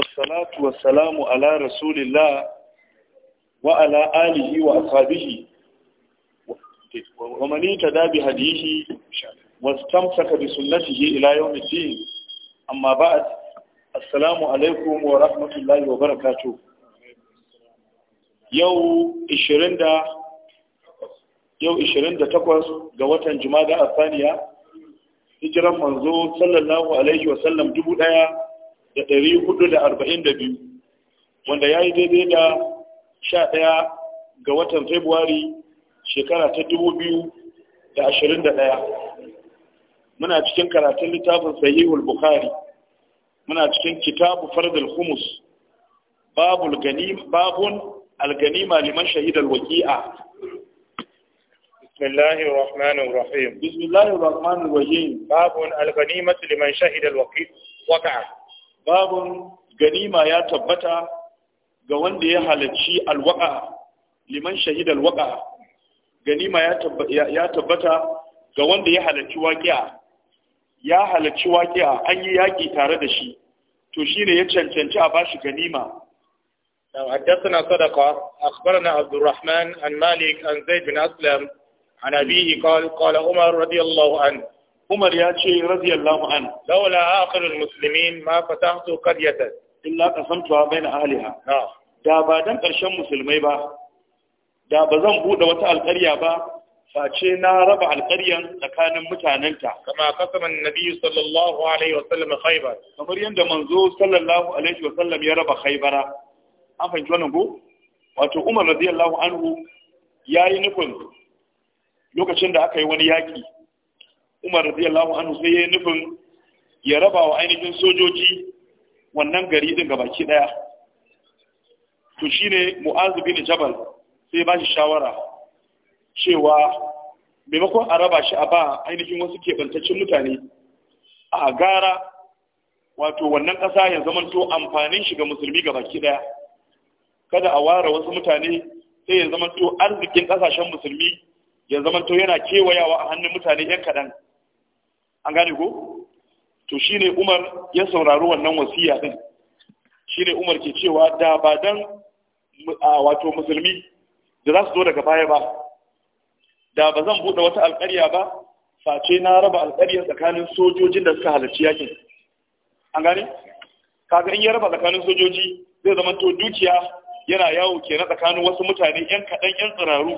wassalatu wassalamu ala rasulillah wa ala alihi wa ashabihi wa man ittaba bi hadihi wastamsaka bi sunnatihi ila yawm al-din amma ba'd assalamu alaikum wa rahmatullahi wa barakatuh yau 20 da yau 28 ga watan jumada asaniya hijiran manzo sallallahu alaihi wa sallam dubu daya da ɗari hudu da arba'in da biyu wanda ya yi daidai da sha ɗaya ga watan februari shekara ta dubu biyu da ashirin da ɗaya muna cikin karatun littafin sahihul bukhari muna cikin kitabu fardul humus babul babun alganima liman shahidal waki'a بسم الله الرحمن الرحيم بسم الله الرحمن الرحيم باب الغنيمة لمن شهد الوقيع babun ganima ya tabbata ga wanda ya halarci alwaka liman shahid alwaka ganima ya tabbata ga wanda ya halarci waƙiya ya halarci waƙiya an yi yaƙi tare da shi to shine ya cancanci a bashi ganima نعم حدثنا صدقة أخبرنا عبد الرحمن عن مالك عن زيد بن أسلم عن أبيه قال قال عمر رضي الله عنه Umar ya ce radiyallahu an laula akhirul muslimin ma fatahtu qaryatan illa qasamtuha baina ahliha da ba dan karshen musulmai ba da ba zan bude wata alƙarya ba face na raba alƙaryan tsakanin mutanenta kama kasaman nabi sallallahu alaihi wa sallam khaybar kamar yanda manzo sallallahu alaihi wa sallam ya raba khaybara an fahimci wannan ko wato Umar radiyallahu anhu yayi nufin lokacin da aka yi wani yaki umar radiyallahu anhu sai ya nufin ya raba wa ainihin sojoji wannan gari din gabaki daya to shine mu'az bin jabal sai ba shi shawara cewa maimakon a raba shi a ba ainihin wasu kebantaccen mutane a gara wato wannan ƙasa ya zamanto amfanin shi ga musulmi gabaki daya kada a ware wasu mutane sai ya zamanto arzikin ƙasashen musulmi ya zamanto yana kewayawa a hannun mutane 'yan kaɗan an gane ko to shine Umar ya saurari wannan wasiya din shine Umar ke cewa da ba dan wato musulmi da za su zo daga baya ba da ba zan bude wata alƙarya ba face na raba alƙaryar tsakanin sojojin da suka halarci yakin an gane kaga in ya raba tsakanin sojoji zai zama to dukiya yana yawo ke na tsakanin wasu mutane yan kaɗan yan tsiraru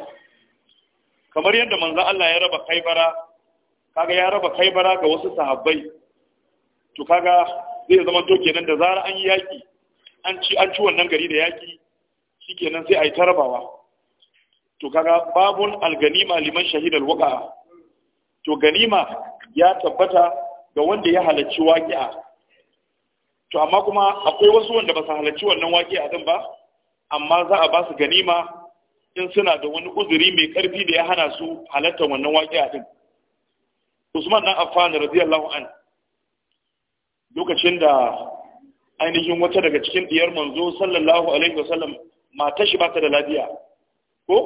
kamar yadda manzon Allah ya raba kaibara kaga ya raba kai bara ga wasu sahabbai to kaga zai zama to kenan da zara an yi yaki an ci an ci wannan gari da yaki shikenan sai a yi ta rabawa to kaga babun alganima liman shahid alwaqa to ganima ya tabbata ga wanda ya halarci waqi'a to amma kuma akwai wasu wanda ba su halarci wannan waqi'a din ba amma za a ba su ganima in suna da wani uzuri mai karfi da ya hana su halarta wannan waqi'a din Usman dan Affan radiyallahu an lokacin da ainihin wata daga cikin diyar manzo sallallahu alaihi wasallam mata shi bata da lafiya ko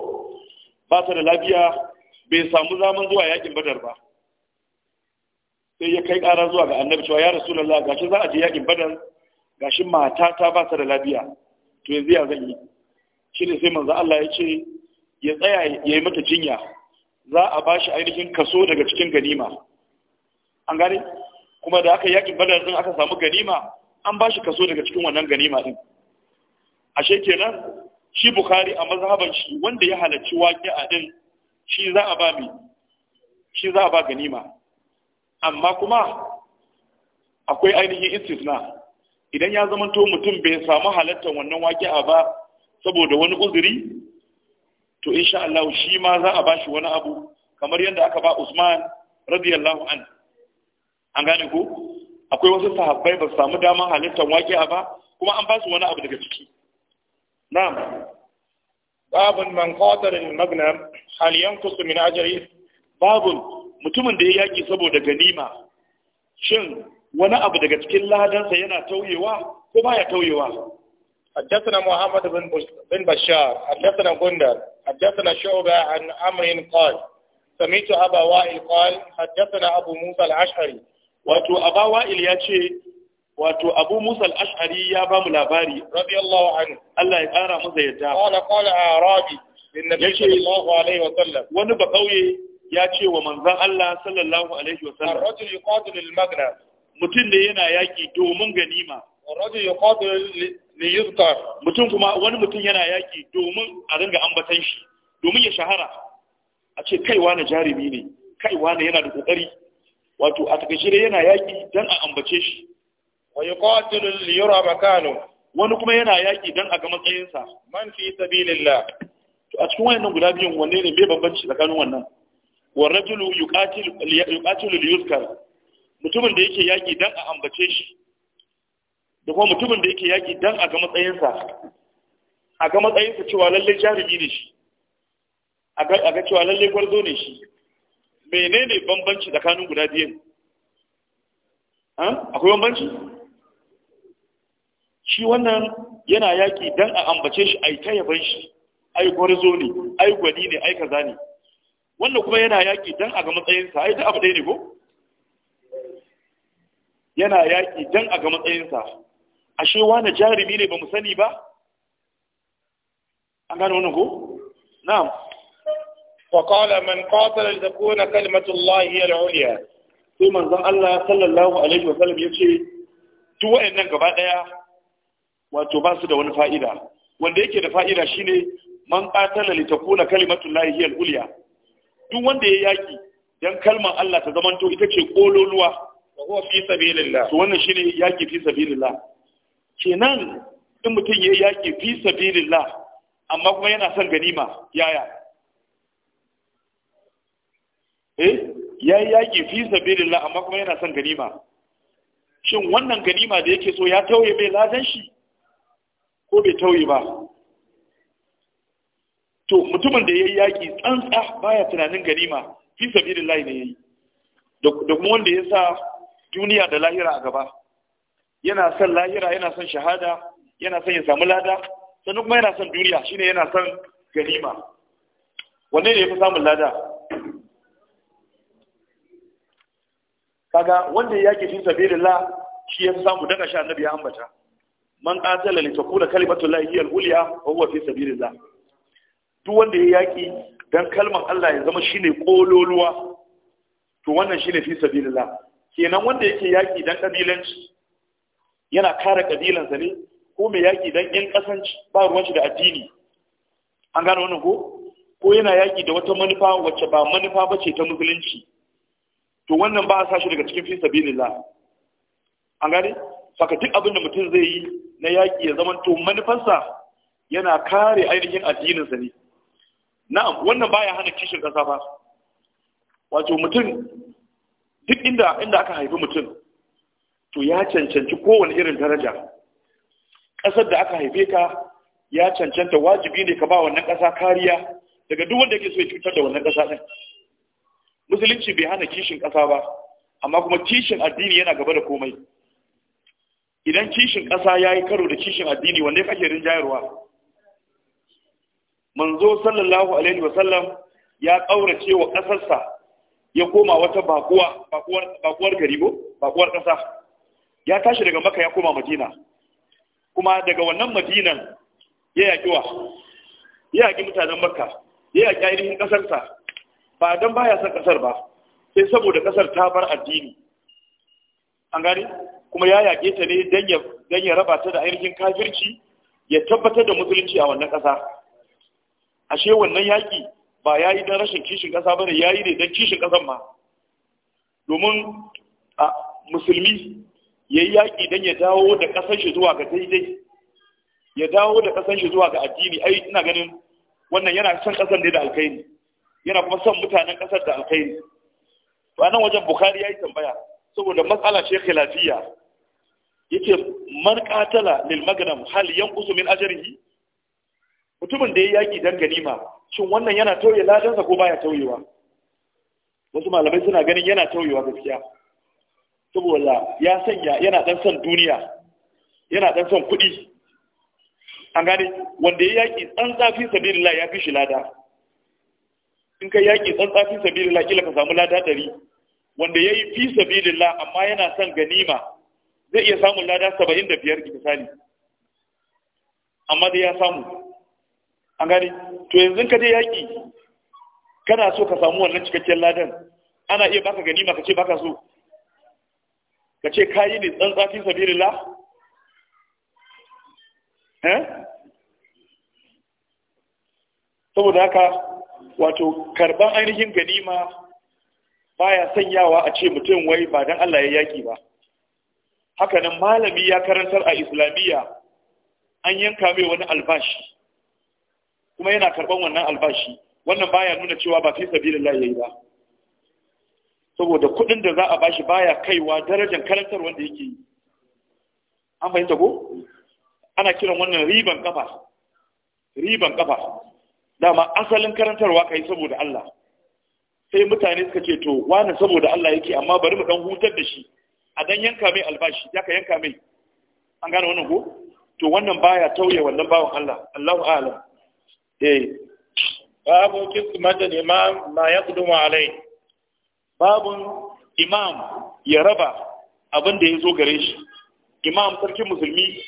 bata da lafiya bai samu zaman zuwa yakin badar ba sai ya kai ƙara zuwa ga annabi cewa ya rasulullah gashi za a je yakin badar gashi mata ta bata da lafiya to yanzu ya zan yi shi ne sai manzo Allah ya ce ya tsaya ya yi mata jinya za a ba shi ainihin kaso daga cikin ganima an gane kuma da aka yakin badar din aka samu ganima an ba shi kaso daga cikin wannan ganima din ashe kenan shi bukhari a mazhaban shi wanda ya halarci a din shi za a ba mi shi za a ba ganima amma kuma akwai ainihin istisna idan ya zamanto mutum bai samu halartar wannan a ba saboda wani uzuri to insha Allah shi ma za a bashi wani abu kamar yadda aka ba Usman radiyallahu an an gane ku. akwai wasu sahabbai ba su samu damar halittar waƙiya ba kuma an basu su wani abu daga ciki na'am babun man qatala al magnam hal yanqus min ajri babun mutumin da ya yaki saboda ganima shin wani abu daga cikin ladansa yana tauyewa ko baya tauyewa حدثنا محمد بن بن بشار حدثنا غندر حدثنا شعبة عن أمر قال سمعت أبا وائل قال حدثنا أبو موسى الأشعري wato aba wa'il ya ce wato abu musal ash'ari ya ba mu labari radiyallahu anhu Allah ya kara masa yadda qala qala arabi lin nabi sallallahu alaihi wa sallam wani ba ya ce wa manzon Allah sallallahu alaihi wa sallam ar-rajul mutum ne yana yaki domin ganima li yuzkar mutum kuma wani mutum yana yaki domin a ringa ambatan shi domin ya shahara a ce kaiwa na jarumi ne kaiwa ne yana da kokari wato a takaice dai yana yaki dan a ambace shi wa yuqatilu li yura makanu wani kuma yana yaki dan a ga matsayinsa man fi sabilillah to a cikin wayannan guda biyun wanne ne bai bambanci tsakanin wannan wa rajulu yuqatilu yuqatilu li yuzkar mutumin da yake yaki dan a ambace shi da kuma mutumin da yake yaƙi dan a ga matsayinsa a ga matsayinsa cewa lalle jarumi ne shi a ga cewa lalle gwarzo ne shi menene bambanci tsakanin guda biyan akwai bambanci shi wannan yana yaƙi dan a ambace shi a yi ta yaban shi ai gwarzo ne ai gwani ne ai kaza ne wannan kuma yana yaƙi dan a ga matsayinsa yi ta abu ɗaya ne ko yana yaƙi dan a ga matsayinsa ashe wani jarumi ne ba mu sani ba an gano wani ko na'am man ƙasar da لتكون كلمة الله هي العليا sai manzan Allah sallallahu alaihi wasallam ya ce duk wayannan gaba daya wato ba su da wani fa'ida wanda yake da fa'ida shine man qatala da takuna kalimatu llahi hiya al duk wanda ya yaki dan kalmar Allah ta zamanto ita ce kololuwa wa huwa fi sabilillah to wannan shine yaki fi sabilillah kenan in mutum ya yaƙi fi sabilillah amma kuma yana son ganima yaya eh ya yi yaƙi fi sabilillah amma kuma yana son ganima shin wannan ganima da yake so ya tauye mai ladan shi ko bai tauye ba to mutumin da ya yi yaƙi tsantsa baya tunanin ganima fi sabilillah ne ya yi da kuma wanda ya sa duniya da lahira a gaba yana son lahira yana son shahada yana son ya samu lada sannan kuma yana son duniya shine yana son ganima wanne ne ya fi samun lada kaga wanda ya ke fi la shi ya fi samu daga sha annabi ya ambata man qatala li takuna kalimatu llahi hiya al-ulya wa huwa fi sabilillah duk wanda ya yaki dan kalmar Allah ya zama shine kololuwa to wannan shine fi sabilillah kenan wanda yake yaki dan kabilanci yana kare kabilansa ne ko mai yaƙi don yan ƙasanci ba ruwan shi da addini an gano wannan ko ko yana yaƙi da wata manufa wacce ba manufa ba ce ta musulunci to wannan ba a sa shi daga cikin fi sabilillah an gane saka duk abin da mutum zai yi na yaƙi ya zama to manufarsa yana kare ainihin addininsa ne na'am wannan baya hana kishin ƙasa ba wato mutum duk inda inda aka haifi mutum to ya cancanci kowane irin daraja ƙasar da aka haife ka ya cancanta wajibi ne ka ba wannan ƙasa kariya daga duk wanda yake so ya cutar da wannan ƙasa ɗin musulunci bai hana kishin ƙasa ba amma kuma kishin addini yana gaba da komai idan kishin ƙasa ya yi karo da kishin addini wanda ya kake rinjayarwa manzo sallallahu alaihi wasallam ya ƙaurace wa ƙasarsa ya koma wata bakuwar gari ko bakuwar ƙasa ya tashi daga maka ya koma madina kuma daga wannan madinan ya yaƙi wa ya yaƙi mutanen makka ya yaƙi ainihin ƙasarsa ba don baya son ƙasar ba sai saboda ƙasar ta bar addini an gani kuma ya yaƙe ta ne don ya raba ta da ainihin kafirci ya tabbatar da musulunci a wannan ƙasa ashe wannan yaƙi ba ya yi don rashin kishin ƙasa ba ne ya yi ne don kishin ƙasan ma domin a musulmi ya yi yaƙi don ya dawo da ƙasar shi zuwa ga daidai ya dawo da ƙasar shi zuwa ga addini ai ina ganin wannan yana son ƙasar ne da alkhairi yana kuma son mutanen ƙasar da alkhairi to anan nan wajen bukhari ya yi tambaya saboda matsala ce khilafiya yace man qatala lil magnam hal yanqusu min ajrihi mutumin da ya yaƙi dan ganima shin wannan yana tauye ladansa ko baya tauyewa wasu malamai suna ganin yana tauyewa gaskiya saboda ya sanya yana dan son duniya yana dan son kuɗi an gane wanda ya yaƙi tsan tsafi sabilillah ya fi shi lada in ka yaƙi tsan tsafi sabilillah kila ka samu lada ɗari wanda ya yi fi sabilillah amma yana son ganima zai iya samun lada saba'in da biyar misali amma dai ya samu an gane to yanzu ka je yaƙi kana so ka samu wannan cikakken ladan ana iya baka ganima ka ce baka so ka ce ka yi ne tsantsa fi sabilillah eh? saboda haka wato karban ainihin ganima baya sanyawa a ce mutum wai ba don Allah ya yaki ba hakanan malami ya karantar a islamiyya an yanka mai wani albashi kuma yana karban wannan albashi wannan baya nuna cewa ba fi ya yayi ba saboda kuɗin da za a bashi baya kaiwa darajar karantar wanda yake yi an fahimta ko ana kiran wannan riban kafa riban kafa dama asalin karantarwa kai saboda Allah sai mutane suka ce to wani saboda Allah yake amma bari mu dan hutar da shi a dan yanka mai albashi ya ka yanka mai an gane wannan ko to wannan baya tauye wannan bawan Allah Allahu a'lam eh babu kismatan imam ma yaqdumu alai babun imam ya raba abin da ya zo gare shi imam sarkin musulmi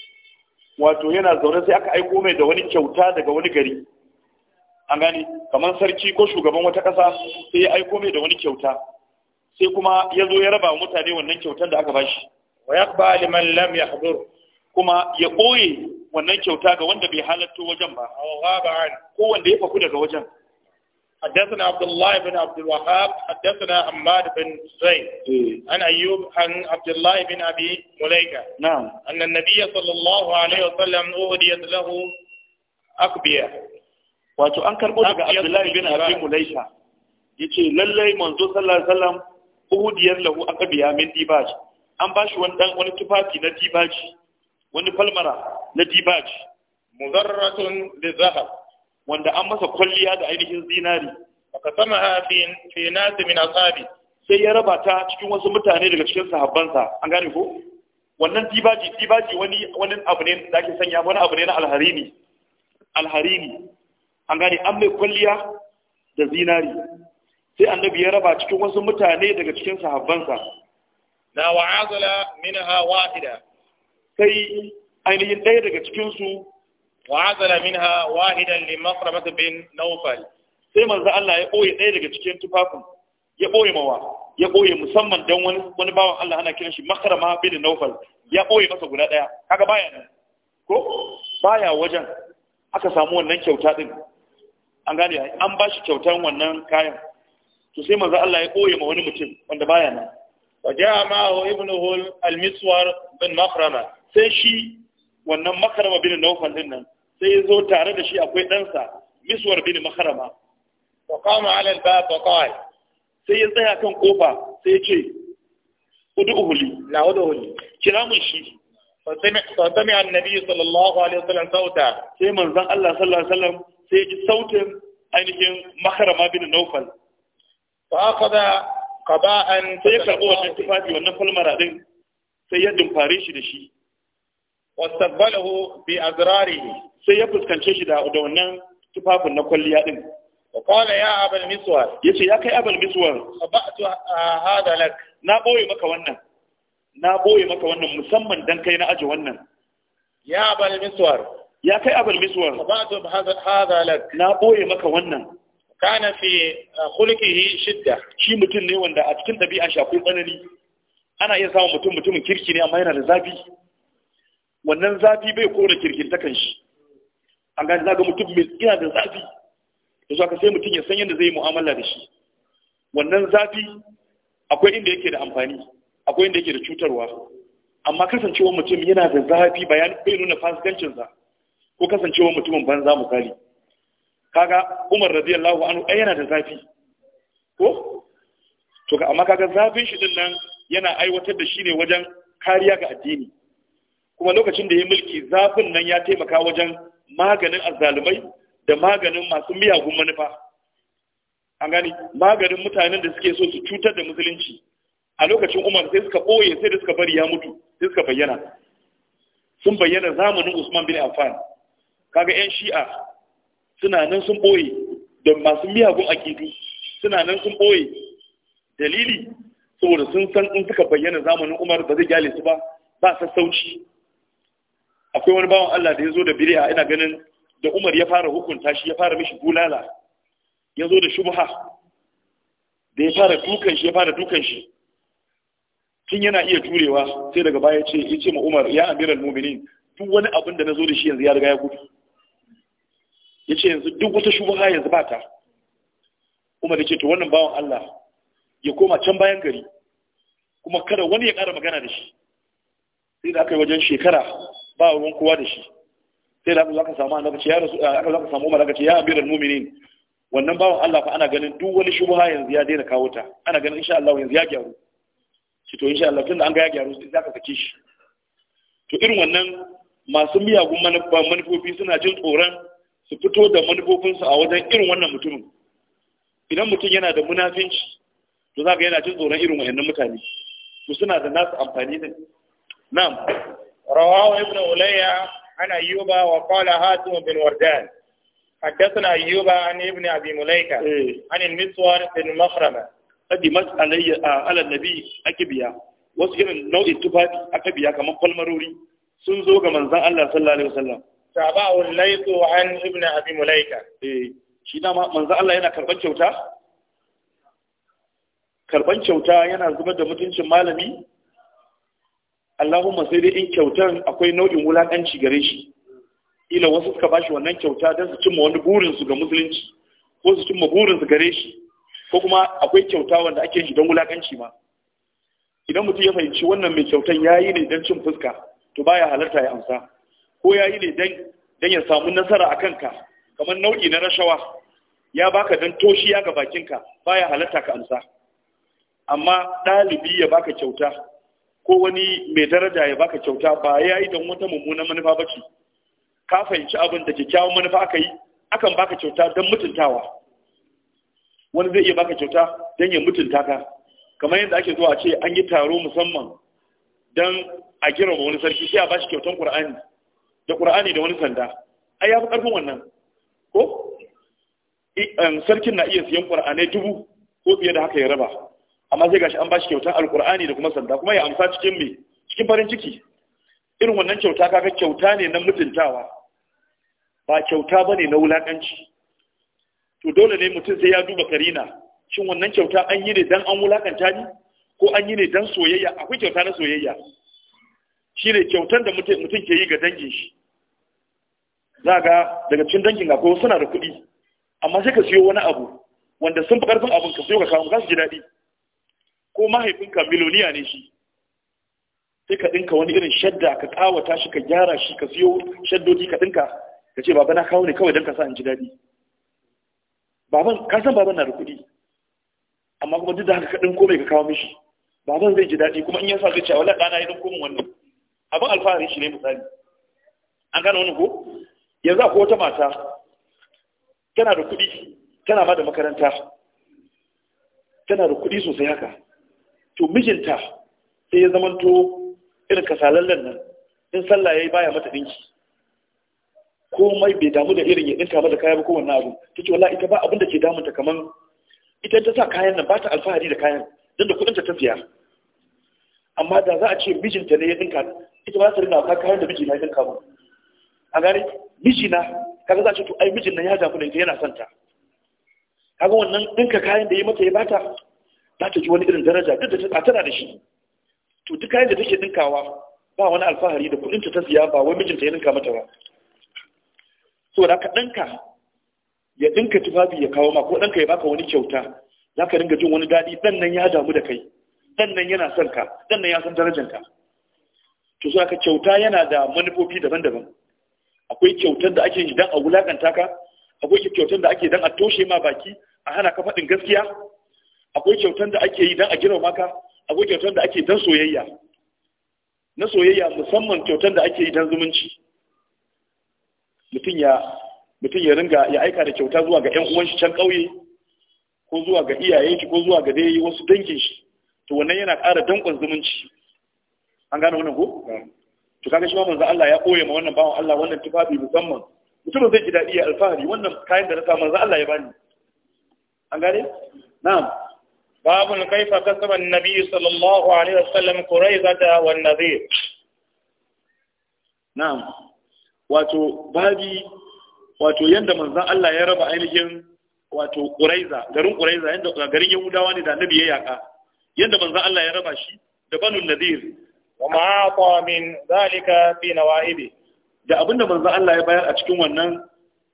wato yana zaune sai aka aiko mai da wani kyauta daga wani gari an gani. kamar sarki ko shugaban wata ƙasa sai ya aiko mai da wani kyauta sai kuma ya zo ya raba mutane wannan kyautar da aka ba shi wa yaqba liman lam yahdur kuma ya ɓoye wannan kyauta ga wanda bai halatto wajen ba ko wanda ya faku daga wajen حدثنا عبد الله بن عبد الوهاب حدثنا حماد بن زيد عن أيوب عن عبد الله بن أبي مليكة نعم أن النبي صلى الله عليه وسلم أهديت له أقبية wato an karbo daga Abdullahi bin Abi Mulaika yace lallai manzo sallallahu alaihi wasallam uhudiyar lahu aqbiya min an bashi wani dan wani tufafi na dibaji wani falmara na dibaji mudarratun li zahab wanda an masa kwalliya da ainihin zinari aka sama fi nasi min asabi sai ya raba ta cikin wasu mutane daga cikin sahabbansa an gane ko wannan dibaji dibaji wani wani abu ne da ake sanya wani abu ne na alharini alharini an gane an mai kwalliya da zinari sai annabi ya raba cikin wasu mutane daga cikin sahabbansa na wa'azala minha wahida sai ainihin ɗaya daga cikinsu wa azala minha wahidan li masramah bin nawfal sai manzo Allah ya boye ɗaya daga cikin tufafin ya boye mawa ya boye musamman dan wani wani bawan Allah ana kiran shi makrama bin nawfal ya boye masa guda ɗaya kaga baya nan ko baya wajen aka samu wannan kyauta din an gane an ba shi kyautar wannan kayan to sai manzo Allah ya boye ma wani mutum wanda baya nan wa ja'a ma'ahu ibnuhu al-miswar bin makrama sai shi wannan makrama bin nawfal din nan sai ya zo tare da shi akwai ɗansa miswar bin makarama wa kama alal ba ba kawai sai ya tsaya kan kofa sai ya ce hudu uhuli na hudu uhuli kira mun shi fasami annabi sallallahu alaihi wasallam sauta sai manzon Allah sallallahu alaihi wasallam sai ya ji sautin ainihin makarama bin naufal fa akada qaba'an sai ya karbo wannan tufafi wannan falmara din sai ya dumfare shi da shi واستقبله بأزراره سيبس كان شيشدا ودونا تفاف النقل يأذن وقال يا أبا المسور يسي يا كي أبا المسور خبأت آه، هذا لك نابوي مكا ونن نابوي مكا ونن مسمن دن كينا أجو ونن يا أبا المسور يا كي أبا المسور خبأت هذا لك نابوي مكا ونن kana fi khulqihi shidda shi mutum ne wanda a cikin dabi'an shi akwai tsanani ana iya samun mutum mutumin kirki wannan zafi bai kora takan shi an gani zaga mutum mai ina da zafi da aka sai mutum ya san yadda zai mu'amala da shi wannan zafi akwai inda yake da amfani akwai inda yake da cutarwa amma kasancewar mutum yana da zafi bayan bai nuna fasikancinsa ko kasancewar mutumin banza misali kaga umar radiyallahu anhu ai yana da zafi ko to amma kaga zafin shi din nan yana aiwatar da shi ne wajen kariya ga addini kuma lokacin da ya mulki zafin nan ya taimaka wajen maganin azzalumai da maganin masu miyagun manufa an gani maganin mutanen da suke so su cutar da musulunci a lokacin umar sai suka ɓoye sai da suka bari ya mutu sai suka bayyana sun bayyana zamanin usman bin affan kaga yan shi'a suna nan sun ɓoye da masu miyagun akidu suna nan sun ɓoye dalili saboda sun san in suka bayyana zamanin umar ba zai gyale su ba ba sassauci akwai wani bawan Allah da ya zo da bid'a ina ganin da Umar ya fara hukunta shi ya fara mishi bulala ya zo da shubha da ya fara dukan shi ya fara dukan shi tun yana iya jurewa sai daga baya ce ya ce ma Umar ya amiral mu'minin duk wani abin da na zo da shi yanzu ya riga ya gudu ya ce yanzu duk wata shubha yanzu ba ta Umar ya ce to wannan bawan Allah ya koma can bayan gari kuma kada wani ya ƙara magana da shi sai da aka yi wajen shekara ba ruwan kowa da shi sai da za ka samu annabi ce ya rasu eh, aka zaka samu umar aka ce ya amiral mu'minin wannan bawan Allah fa ana ganin duk wani shubha yanzu ya daina kawo ta ana ganin insha Allah yanzu ya gyaru shi to insha Allah tunda an ga ya gyaru sai zaka sake shi to irin wannan masu miyagun manufofi suna jin tsoron su fito da manufofinsu a wajen irin wannan mutumin idan mutum yana da munafinci to za ka yana jin tsoron irin wannan mutane to suna da nasu amfani din na'am رواه ابن أولية عن أيوب وقال هاتم بن وردان حدثنا أيوب عن ابن أبي مليكة إيه. عن المسور بن مخرمة قدمت علي على النبي أكبيا wasu irin nau'in tufafi aka biya kamar falmarori sun zo ga manzan Allah sallallahu alaihi wasallam tabaul laythu an ibn abi eh shi dama manzan Allah yana karban kyauta kyauta yana zubar da mutuncin malami Allahumma sai dai in kyautan akwai nau'in wulaƙanci gare shi ila wasu suka bashi wannan kyauta don su cimma wani su ga musulunci ko su cimma burinsu gare shi ko kuma akwai kyauta wanda ake shi don wulaƙanci ma idan mutum ya fahimci wannan mai kyautan ya yi ne don cin fuska to baya halarta ya amsa ko ya yi ne don ya samu nasara a kanka kamar nau'i na rashawa ya baka don toshiya ga bakinka baya halarta ka amsa amma ɗalibi ya baka kyauta ko wani mai daraja ya baka kyauta ba ya yi don wata mummunan manufa ba ce ka fahimci abin da kyakkyawan manufa aka yi akan baka kyauta don mutuntawa wani zai iya baka kyauta don ya mutunta ka kamar yadda ake zuwa ce an yi taro musamman don a girma wani sarki sai a bashi kyautan qur'ani da qur'ani da wani sanda ai ya fi karfin wannan ko um, sarkin na iya siyan qur'anai dubu ko fiye da haka ya raba amma zai gashi an bashi kyautan alkur'ani da kuma sanda kuma ya amsa cikin me cikin farin ciki irin wannan kyauta kaga kyauta ne na mutuntawa ba kyauta bane na wulakanci to dole ne mutum sai ya duba karina shin wannan kyauta an yi ne dan an wulakanta ni ko an yi ne dan soyayya akwai kyauta na soyayya shine kyautar da mutum ke yi ga dangin shi za ga daga cikin dangin akwai suna da kuɗi amma sai ka siyo wani abu wanda sun fi ƙarfin abin ka siyo ka kawo za su ji daɗi ko mahaifinka miloniya ne shi sai ka ɗinka wani irin shadda ka kawata shi ka gyara shi ka siyo shaddoji ka ɗinka ka ce baba na kawo ne kawai don ka sa in ji daɗi baban ka san baban na da kuɗi amma kuma duk da haka ka ɗinko komai ka kawo mishi baban zai ji daɗi kuma in ya sa zai ce wala ɗana ya ɗinko min wannan abin alfahari shi ne misali an gane wani ko yanzu akwai wata mata tana da kuɗi tana ma da makaranta tana da kuɗi sosai haka to mijinta sai ya zamanto irin kasalallen nan in sallah ya yi baya mata ɗinki komai bai damu da irin ya ɗinka mata kaya ba kowanne abu ta ce wallahi ita ba abin da ke damunta kamar ita ta sa kayan nan ba ta alfahari da kayan don da kuɗinta ta siya amma da za a ce mijinta ne ya ɗinka ita ba ta rinna ba kayan da mijina ya ɗinka ba a gane mijina kaga za a ce to ai mijin nan ya damu da ita yana son ta kaga wannan ɗinka kayan da ya mata ya bata za ta ji wani irin daraja duk da tana da shi to duk kayan da take dinkawa ba wani alfahari da kudin ta siya ba wai mijinta ya dinka mata ba so da ka danka ya dinka tufafi ya kawo ma ko danka ya baka wani kyauta za ka dinga jin wani daɗi dan nan ya damu da kai dan nan yana son ka dan nan ya san darajar ka to so ka kyauta yana da manufofi daban-daban akwai kyautar da ake yi dan a wulakanta ka akwai kyautar da ake dan a toshe ma baki a hana ka faɗin gaskiya akwai kyautan da ake yi don a gina maka akwai kyautan da ake don soyayya na soyayya musamman kyautan da ake yi don zumunci mutum ya mutum ya ringa ya aika da kyauta zuwa ga 'yan uwan shi can ƙauye ko zuwa ga iyayen shi ko zuwa ga dai wasu dangin shi to wannan yana ƙara dankon zumunci an gane wannan ko to kaga shi ma manzo Allah ya koye ma wannan bawan Allah wannan tufafi musamman mutum zai ji daɗi alfahari wannan kayan da na sa manzo Allah ya bani an gane na'am باب كيف كسب النبي صلى الله عليه وسلم قريظة والنذير نعم wato babi واتو yanda من Allah ya raba ainihin garin Quraiza yanda garin Yahudawa ne da Annabi ya yaka yanda manzon Allah ya raba shi da Banu Nadir wa ma ta min zalika fi nawaibi da abinda Allah ya bayar a cikin wannan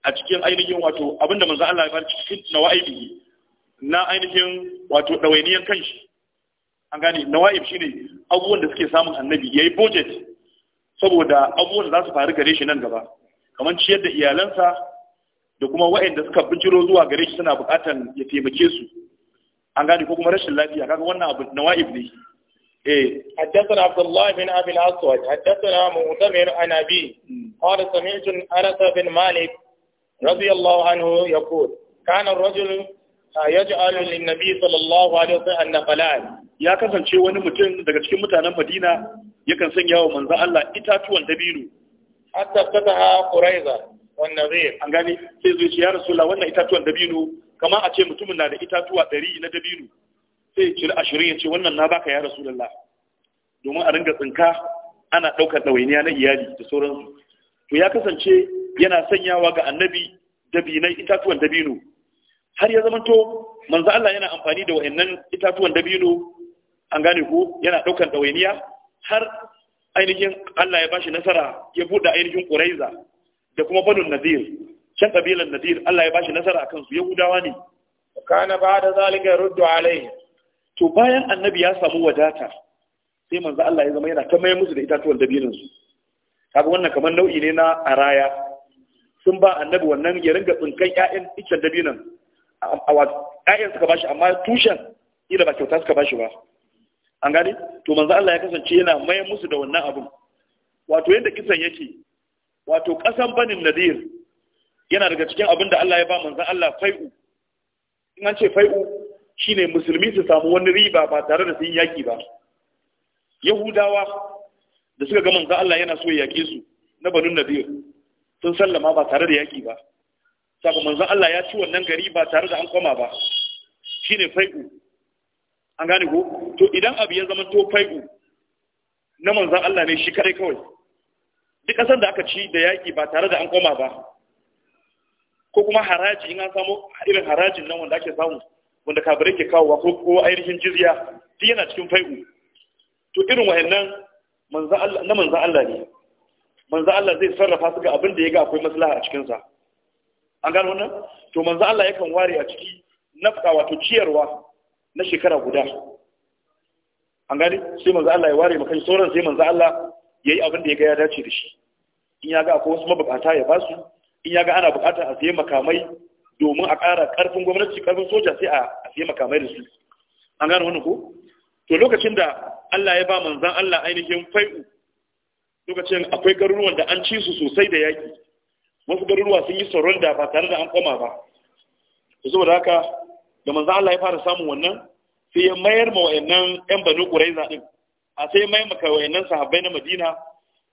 a cikin ainihin wato abinda manzo Allah ya bayar cikin nawaibi na ainihin wato ɗawainiyar kanshi an gane nawa'ib shine abubuwan da suke samun annabi ya yi budget saboda abubuwan da za su faru gare shi nan gaba kamar ciyar da iyalansa da kuma wa'inda suka bijiro zuwa gare shi suna buƙatan ya taimake su an gane ko kuma rashin lafiya kaga wannan abu nawa'ib ne إيه حدثنا عبد الله بن أبي الأسود حدثنا مؤتمر عن أبيه قال سمعت أنس بن مالك رضي الله عنه يقول كان الرجل yaj'alu lin-nabi sallallahu alaihi wasallam nafalan ya kasance wani mutum daga cikin mutanen Madina yakan sanya wa manzo Allah itatuwan dabino hatta fataha quraiza wan nazir an gani sai zai ce ya rasulullah wannan itatuwan dabino kamar a ce mutumin na da itatuwa 100 na dabino sai cire 20 ya ce wannan na baka ya rasulullah domin a ringa tsinka ana daukar dawainiya na iyali da sauransu to ya kasance yana sanyawa ga annabi dabinai itatuwan dabino har ya zamanto manzo Allah yana amfani da wayannan itatuwan dabino an gane ko yana daukan dawainiya har ainihin Allah ya bashi nasara ya buɗe ainihin Quraiza da kuma Banu Nadir can kabilan Nadir Allah ya bashi nasara akan su Yahudawa ne kana ba da zalika ruddu alaihi to bayan annabi ya samu wadata sai manzo Allah ya zama yana ta mai musu da itatuwan dabinin su kaga wannan kamar nau'i ne na araya sun ba annabi wannan ya ringa tsinkan ƴaƴan icen dabinan ƴaƴan suka bashi amma tushen ila ba kyauta suka bashi ba an gani? to manzo Allah ya kasance yana mai musu da wannan abun wato yadda kisan yake wato kasan banin nadir yana daga cikin abin da Allah ya ba manzo Allah fai'u in an ce fai'u shine musulmi su samu wani riba ba tare da sun yaki ba yahudawa da suka ga manzo Allah yana so ya yake su na banin nadir sun sallama ba tare da yaki ba saka manzan Allah ya ci wannan gari ba tare da an koma ba Shi ne, fai'u an gane ko to idan abu ya zama to fai'u na manzan Allah ne shi kare kawai duk kasan da aka ci da yaƙi ba tare da an koma ba ko kuma haraji in an samu irin harajin nan wanda ake samu wanda kabirai ke kawowa ko ko ainihin jizya duk yana cikin fai'u to irin wayannan manzan Allah na manzan Allah ne Manzan Allah zai sarrafa su ga abin da ya ga akwai maslaha a cikin sa an gano wannan to manzo Allah yakan ware a ciki nafka wato ciyarwa na shekara guda an gani sai manzo Allah ya ware maka sauran sai manzo Allah yayi abin da ya ga ya dace da shi in ya ga akwai wasu mabukata ya basu in ya ga ana bukatar a sayi makamai domin a ƙara ƙarfin gwamnati ƙarfin soja sai a sayi makamai da su an gano wannan ko to lokacin da Allah ya ba manzan Allah ainihin fai'u lokacin akwai garuruwan da an ci su sosai da yaƙi wasu garuruwa sun yi tsoron da ba tare da an koma ba to saboda haka da manzo Allah ya fara samun wannan sai ya mayar ma wayannan yan banu quraiza din a sai ya mayar maka wayannan sahabbai na Madina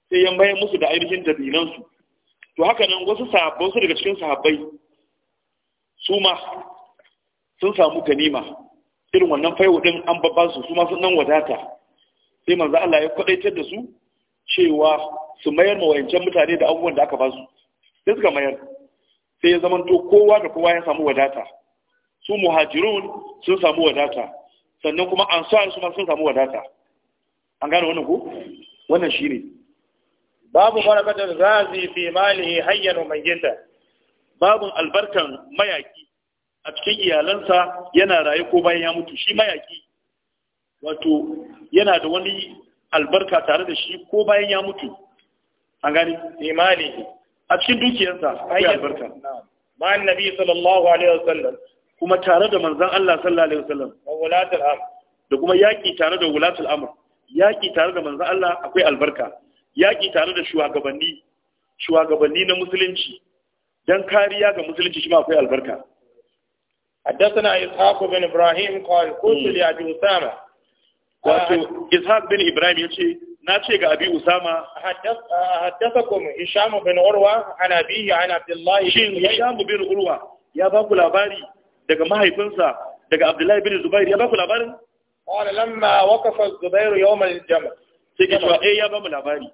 sai ya mayar musu da ainihin dabinan su to haka nan wasu sahabbai su daga cikin sahabbai su ma sun samu ganima irin wannan faiwo din an babba su su ma sun nan wadata sai manzo Allah ya kwadaitar da su cewa su mayar ma wayancan mutane da abubuwan da aka ba su sai suka mayar sai ya to kowa da kowa ya samu wadata su muhajirun sun samu wadata sannan kuma sa su ma sun samu wadata an gane wannan ko wannan shine babu barakatul razi fi malihi hayyan wa mayyita babu albarkan mayaki a cikin iyalansa yana raye ko bayan ya mutu shi mayaki wato yana da wani albarka tare da shi ko bayan ya mutu an gane fi a cikin dukiyarsa yi albarka ma annabi sallallahu alaihi wasallam kuma tare da manzon Allah sallallahu alaihi wasallam wa wulatul amr da kuma yaki tare da wulatul amr yaki tare da manzon Allah akwai albarka yaki tare da shugabanni shugabanni na musulunci dan kariya ga musulunci shi ma akwai albarka حدثنا Ibrahim بن إبراهيم قال قلت لأبي أسامة وإسحاق بن إبراهيم يقول na ce ga abi usama haddathakum hisham bin urwa an abihi an abdullahi shin hisham bin urwa ya ba ku labari daga mahaifinsa daga abdullahi bin zubair ya ba ku labarin qala lamma waqafa zubair yawm al-jam sai ke cewa eh ya ba mu labari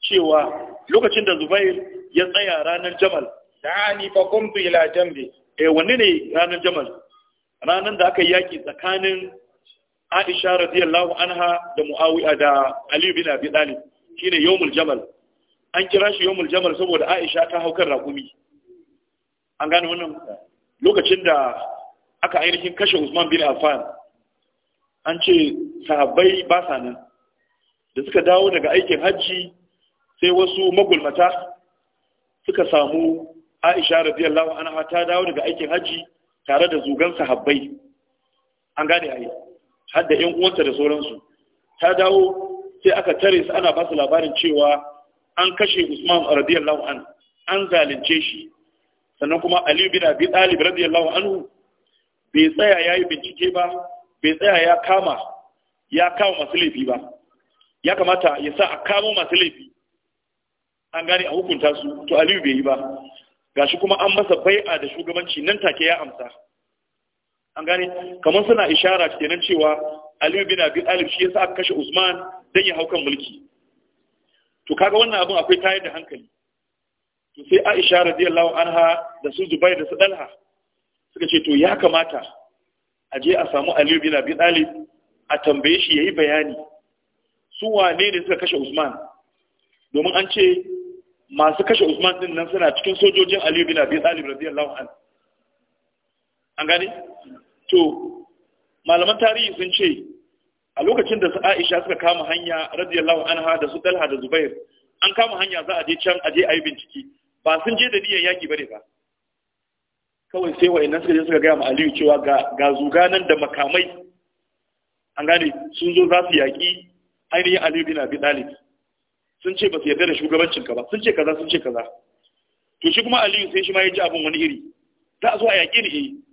cewa lokacin da zubair ya tsaya ranar jamal da'ani fa qumtu ila jambi eh wanne ne ranar jamal ranar da aka yaki tsakanin Aisha radiyallahu anha da Muawiya da Ali bin Abi Talib shine yawmul jamal an kira shi yawmul jamal saboda Aisha ta haukar rakumi an gane wannan lokacin da aka ainihin kashe Usman bin Affan an ce sahabbai ba sa nan da suka dawo daga aikin hajji sai wasu magulmata suka samu Aisha radiyallahu anha ta dawo daga aikin hajji tare da zugan sahabbai an gane ayi har da 'yan uwanta da sauransu ta dawo sai aka tare su ana basu labarin cewa an kashe Usman radiyallahu an an zalunce shi sannan kuma Ali bin Abi Talib radiyallahu anhu bai tsaya yayi bincike ba bai tsaya ya kama ya kama masu laifi ba ya kamata ya sa a kamo masu laifi an gane a hukunta su to Aliyu bai yi ba gashi kuma an masa bai'a da shugabanci nan take ya amsa an gane kamar suna ishara kenan cewa Ali bin Abi Talib shi yasa aka kashe Usman dan ya hau kan mulki to kaga wannan abun akwai tayar da hankali to sai Aisha radiyallahu anha da su Zubair da su Dalha suka ce to ya kamata a je a samu Ali bin Abi Talib a tambaye shi yayi bayani su wane ne suka kashe Usman domin an ce masu kashe Usman din nan suna cikin sojojin Ali bin Abi Talib radiyallahu anhu an gane to malaman tarihi sun ce a lokacin da su Aisha suka kama hanya radiyallahu anha da su Talha da Zubair an kama hanya za a je can a je a yi bincike ba sun je da niyan yaki bane ba kawai sai wayannan suka je suka ga ma Aliyu cewa ga ga zuganan da makamai an gane sun zo za su yaki ainihin Aliyu bin Abi Talib sun ce ba su yarda da shugabancin ka ba sun ce kaza sun ce kaza to shi kuma Aliyu sai shi ma ya ji abin wani iri za a zo a yaƙi ni eh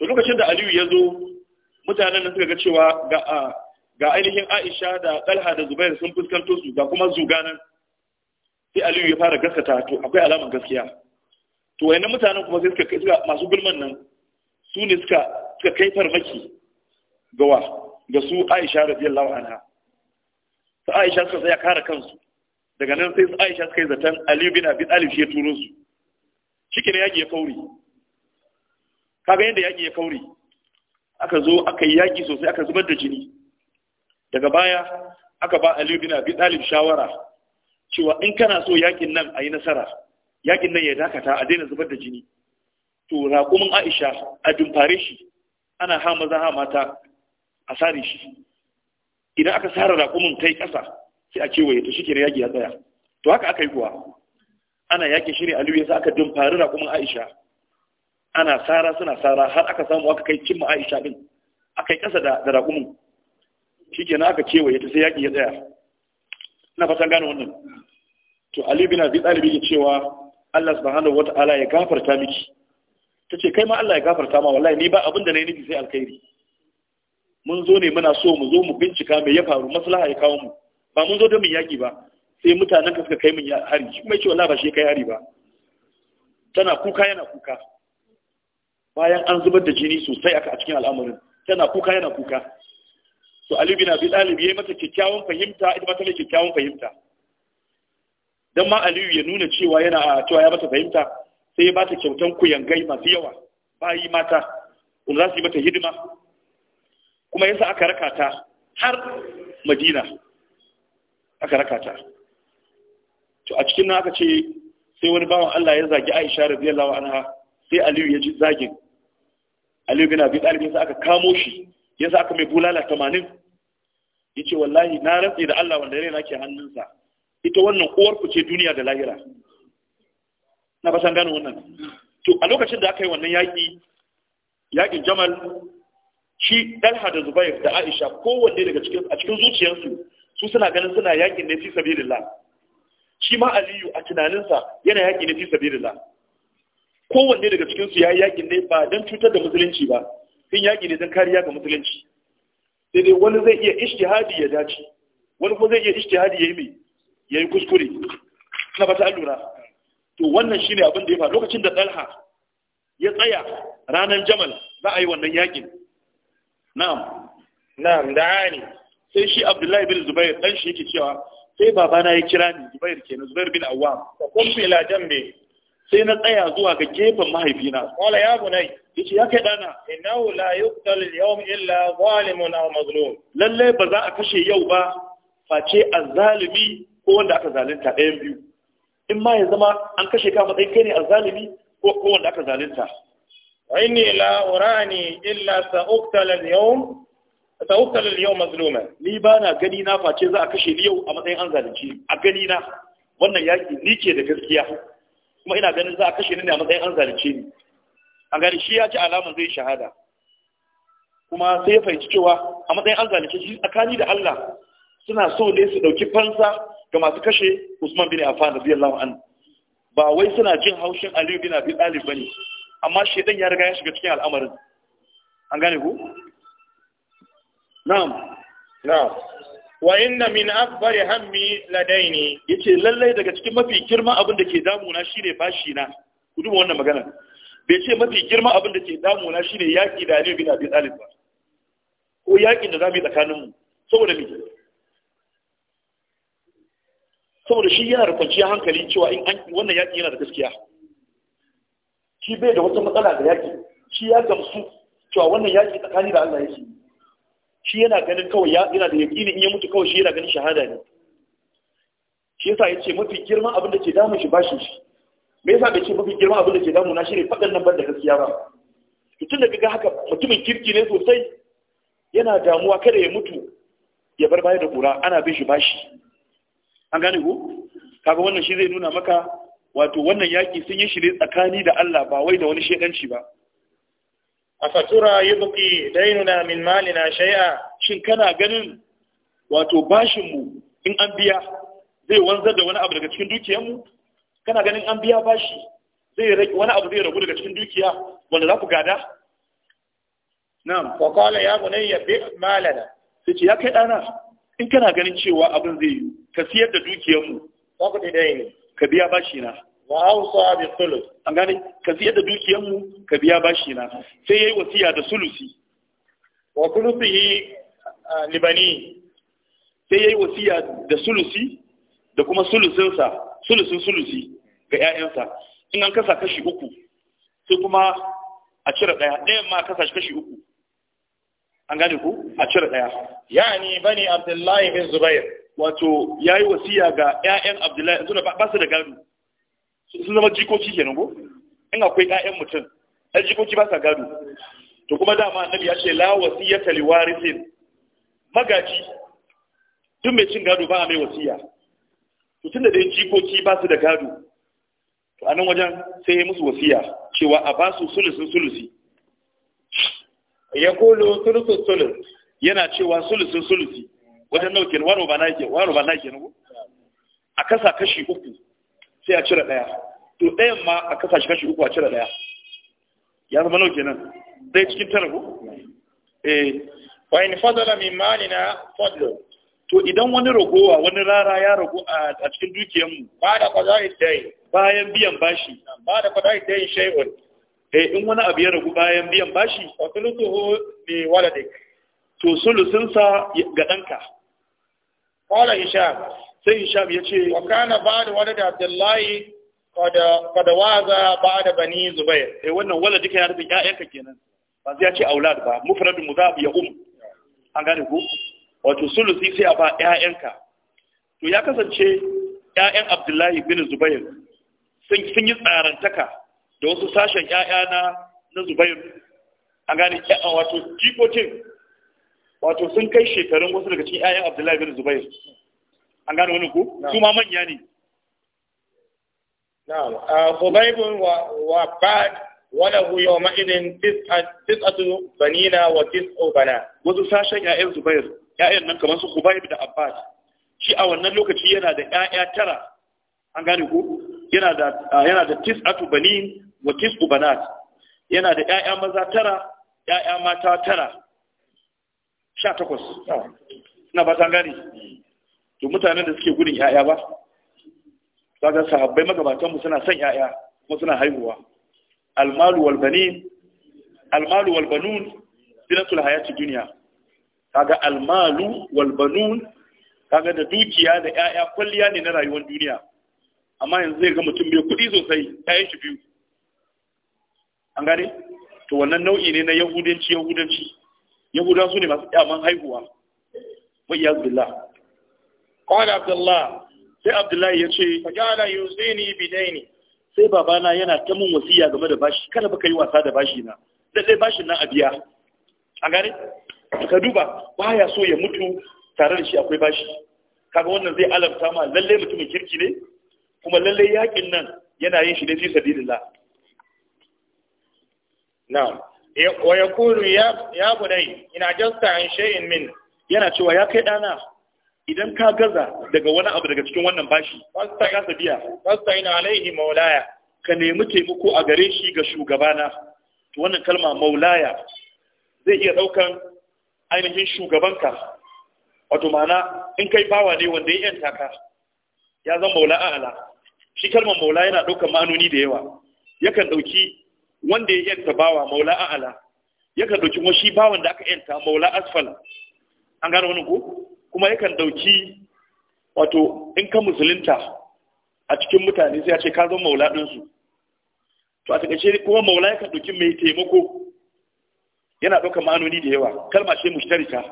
to lokacin da aliyu ya zo mutanen nan suka ga cewa ga ga ainihin aisha da talha da zubair sun fuskanto su ga kuma zuganan sai aliyu ya fara gaskata to akwai alaman gaskiya to wayannan mutanen kuma sai suka suka masu gulman nan su ne suka suka kai farmaki ga wa ga su aisha radiyallahu anha su aisha suka tsaya kare kansu daga nan sai su aisha suka yi zaton aliyu bin abi talib shi ya turo su shi ne yaki ya kauri kaga yadda yaƙi ya kauri aka zo aka yi yaƙi sosai aka zubar da jini daga baya aka ba aliyu bin abi shawara cewa in kana so yaƙin nan a yi nasara yaƙin nan ya dakata a daina zubar da jini to raƙumin aisha a dumfare shi ana ha maza ha mata a sare shi idan aka sare raƙumin kai ƙasa sai a kewaye to shike yaƙi ya tsaya to haka aka yi kuwa ana yaƙin shirya aliyu yasa aka dumfari raƙumin aisha ana sara suna sara har aka samu aka kai cimma aisha din aka yi kasa da raƙumin shi ke aka ya ta sai yaƙi ya tsaya na fatan gano wannan to ali bin abi ɗalibi ya cewa Allah subhanahu Ta'ala ya gafarta miki Ta ce kai ma Allah ya gafarta ma wallahi ni ba abin da yi nufi sai alkhairi mun zo ne muna so mu zo mu bincika me ya faru maslaha ya kawo mu ba mun zo da mun yaki ba sai mutanen ka suka kai mun hari shi kuma ce wallahi ba shi ya kai hari ba tana kuka yana kuka bayan an zubar da jini sosai a cikin al'amarin tana kuka yana kuka to Ali bin Abi Talib yayi mata kyakkyawan fahimta ita ma ta kyakkyawan fahimta dan ma Aliyu ya nuna cewa yana a cewa ya mata fahimta sai ya bata kyautan kuyangai masu yawa bayi mata wanda za su yi mata hidima kuma yasa aka raka ta har Madina aka raka ta to a cikin nan aka ce sai wani bawan Allah ya zagi Aisha radiyallahu anha sai Aliyu ya ji zagin Aliyu bin Abi Talib yasa aka kamo shi yasa aka mai bulala 80 yace wallahi na rantsi da Allah wanda raina ke hannunsa ita wannan uwar ku ce duniya da lahira na fasan gano wannan to a lokacin da aka yi wannan yaki yakin Jamal shi Talha da Zubair da Aisha kowanne daga cikin a cikin zuciyarsu su suna ganin suna yakin ne fi sabilillah shi ma Aliyu a tunaninsa yana yaki ne fi sabilillah kowanne daga cikin su yayi yakin ne ba dan cutar da musulunci ba sun yaki ne dan kariya ga musulunci sai dai wani zai iya ijtihadi ya dace wani kuma zai iya ijtihadi yayi mai yayi kuskure na ba ta lura to wannan shine abin da ya faru lokacin da Talha ya tsaya ranar Jamal za a yi wannan yakin na'am na'am ani. sai shi Abdullahi bin Zubair dan shi yake cewa sai babana ya kira ni Zubair kenan Zubair bin Awwam fa kuma ila jambe sai na tsaya zuwa ga gefen mahaifina wala ya bunai yace ya kai dana inna la yuqtal al-yawm illa zalimun aw mazlum lalle ba za a kashe yau ba face azzalimi ko wanda aka zalunta ɗayan biyu in ma ya zama an kashe ka matsayin kai ne azzalimi ko ko wanda aka zalunta wa inni la urani illa sa'uqtal al-yawm sa'uqtal al-yawm mazluma ni ba na gani na face za a kashe ni yau a matsayin an zalunci a gani na wannan yaki ni ke da gaskiya kuma ina ganin za a kashe ni ne a matsayin an zalunce ni an gani shi ya ci alamun zai shahada kuma sai ya fahimci cewa a matsayin an zalunce shi tsakani da Allah suna so ne su dauki fansa ga masu kashe Usman bin Affan radiyallahu anhu ba wai suna jin haushin Ali bin Abi Talib bane amma shedan ya riga ya shiga cikin al'amarin an gane ku na'am na'am wa inna min akbar hammi ladaini yace lallai daga cikin mafi girma abin da ke damuna shine bashi na ku duba wannan magana bai ce mafi girma abin da ke damuna shine yaki da Ali bin Abi Talib ba ko yaki da zamu yi tsakanin mu saboda me saboda shi yana da kwanciya hankali cewa in an wannan yaki yana da gaskiya shi bai da wata matsala da yaki shi ya gamsu cewa wannan yaki tsakani da Allah yake shi yana ganin kawai yana da yaƙini in ya mutu kawai shi yana ganin shahada ne shi yasa ce mafi girman abin da ke damun shi ba shi me yasa bai ce mafi girman abin da ke shi ne faɗan nan banda gaskiya ba tun da ga haka mutumin kirki ne sosai yana damuwa kada ya mutu ya bar baya da ƙura, ana bin shi bashi an gane ku kaga wannan shi zai nuna maka wato wannan yaƙi sun yi shi ne tsakani da Allah ba wai da wani shaidanci ba afatura yubqi dainuna min malina shay'a shin kana ganin wato bashin mu in an biya zai wanzar da wani abu daga cikin dukiyar mu kana ganin an biya bashi zai rage wani abu zai ragu daga cikin dukiya wanda za ku gada na'am wa qala ya bunayya bi malana sai ya kai dana in kana ganin cewa abin zai yi ka siyar da dukiyar mu ka biya bashi na wa ausa bi sulus an gane ka ziyar da dukiyar mu ka biya bashi na sai yayi wasiya da sulusi wa a libani sai yayi wasiya da sulusi da kuma sulusin sa sulusin sulusi ga ƴaƴansa in an kasa kashi uku sai kuma a cire ɗaya ɗayan ma kasa kashi uku an gane ku a cire ɗaya yani bani abdullahi bin zubair wato yayi wasiya ga ƴaƴan abdullahi suna ba su da gado sun zama jikoki kenan ko in akwai ƴaƴan mutum ɗan jikoki ba sa gado to kuma dama annabi ya ce la wasiyata li warithin magaji duk mai cin gado ba a mai wasiya to tunda dai jikoki ba su da gado to anan wajen sai ya musu wasiya cewa a ba su sulusin sulusi ya kolo sulusin sulus yana cewa sulusin sulusi wajen nauke waro ba na yake waro ba na ke a kasa kashi uku sai a cire ɗaya to ɗayan ma a kasa shi kashi uku a cire ɗaya ya zama nau kenan dai cikin tara ko eh wa in fadala min malina fadlu to idan wani ragowa wani rara ya ragu a cikin dukiyar mu ba da qada'i dai bayan biyan bashi ba da qada'i dai shay'un eh in wani abu ya ragu bayan biyan bashi wa thuluthuhu li waladik to sulusun sa ga danka qala hisham sai hisham ya ce wa kana wani da abdullahi kada kada waza da bani zubair eh wannan wala duka ya rubuta 'ya'yanka kenan ba zai ce aulad ba mufradun mudhab ya um an gane ku wato sulusi sai a ba 'ya'yanka. to ya kasance 'ya'yan abdullahi bin zubair sun sun yi tsarantaka da wasu sashen ‘ya’ya na na zubair an gane wato jikotin wato sun kai shekarun wasu daga cikin 'ya'yan abdullahi bin zubair an gane wani ku su ma manya ne na'am khubaybun uh, wa wa ba'd walahu yawma idin tis'atu banina wa tis'u bana wasu sashen ya'yan zubair ya'yan nan kamar su khubayb da abbas shi a wannan lokaci yana da ya'ya tara an gane ku yana da uh, yana da tis'atu banin wa tis'u banat yana da ya'ya maza tara ya'ya mata tara sha takwas na ba gane hmm. to mutanen da suke gudun ‘ya'ya ba kaga sahabbai magabatanmu suna son ‘ya'ya kuma suna haihuwa almalu walbanin almalu walbanun zinatul hayati duniya kaga almalu walbanun kaga da dukiya da ‘ya'ya kwalliya ne na rayuwar duniya amma yanzu zai ga mutum bai kuɗi sosai ‘ya'yan shi biyu an gane to wannan nau'i ne na yahudanci yahudanci yahudan su ne masu ƙyaman haihuwa wa iyaz billah qala abdullah sai Abdullahi ya ce ka ni bi dai bidaini sai babana yana ta mun wasiya game da bashi kada baka yi wasa da bashi na sai bashin na a biya a gane ka duba baya so ya mutu tare da shi akwai bashi kaga wannan zai alamta ma lalle mutumin kirki ne kuma lalle yakin nan yana yin shi ne fi sabilillah Na, wa ya ya ina jasta an shay'in min yana cewa ya kai dana idan ka gaza daga wani abu daga cikin wannan bashi ta kasa biya fastaina alaihi maulaya ka nemi taimako a gare shi ga shugabana to wannan kalma maulaya zai iya daukan ainihin shugabanka wato ma'ana in kai bawa ne wanda ya yanta ka ya zan maula ala shi kalmar maula yana daukan ma'anoni da yawa yakan dauki wanda ya yanta bawa maula ala yakan dauki kuma shi bawan da aka yanta maula asfala an gano wani ko kuma yakan ɗauki wato in ka musulunta a cikin mutane sai a ce ka zo maula ɗinsu to a takaice kuma maula yakan ɗauki mai taimako yana ɗaukar ma'anoni da yawa kalma ce mushtarika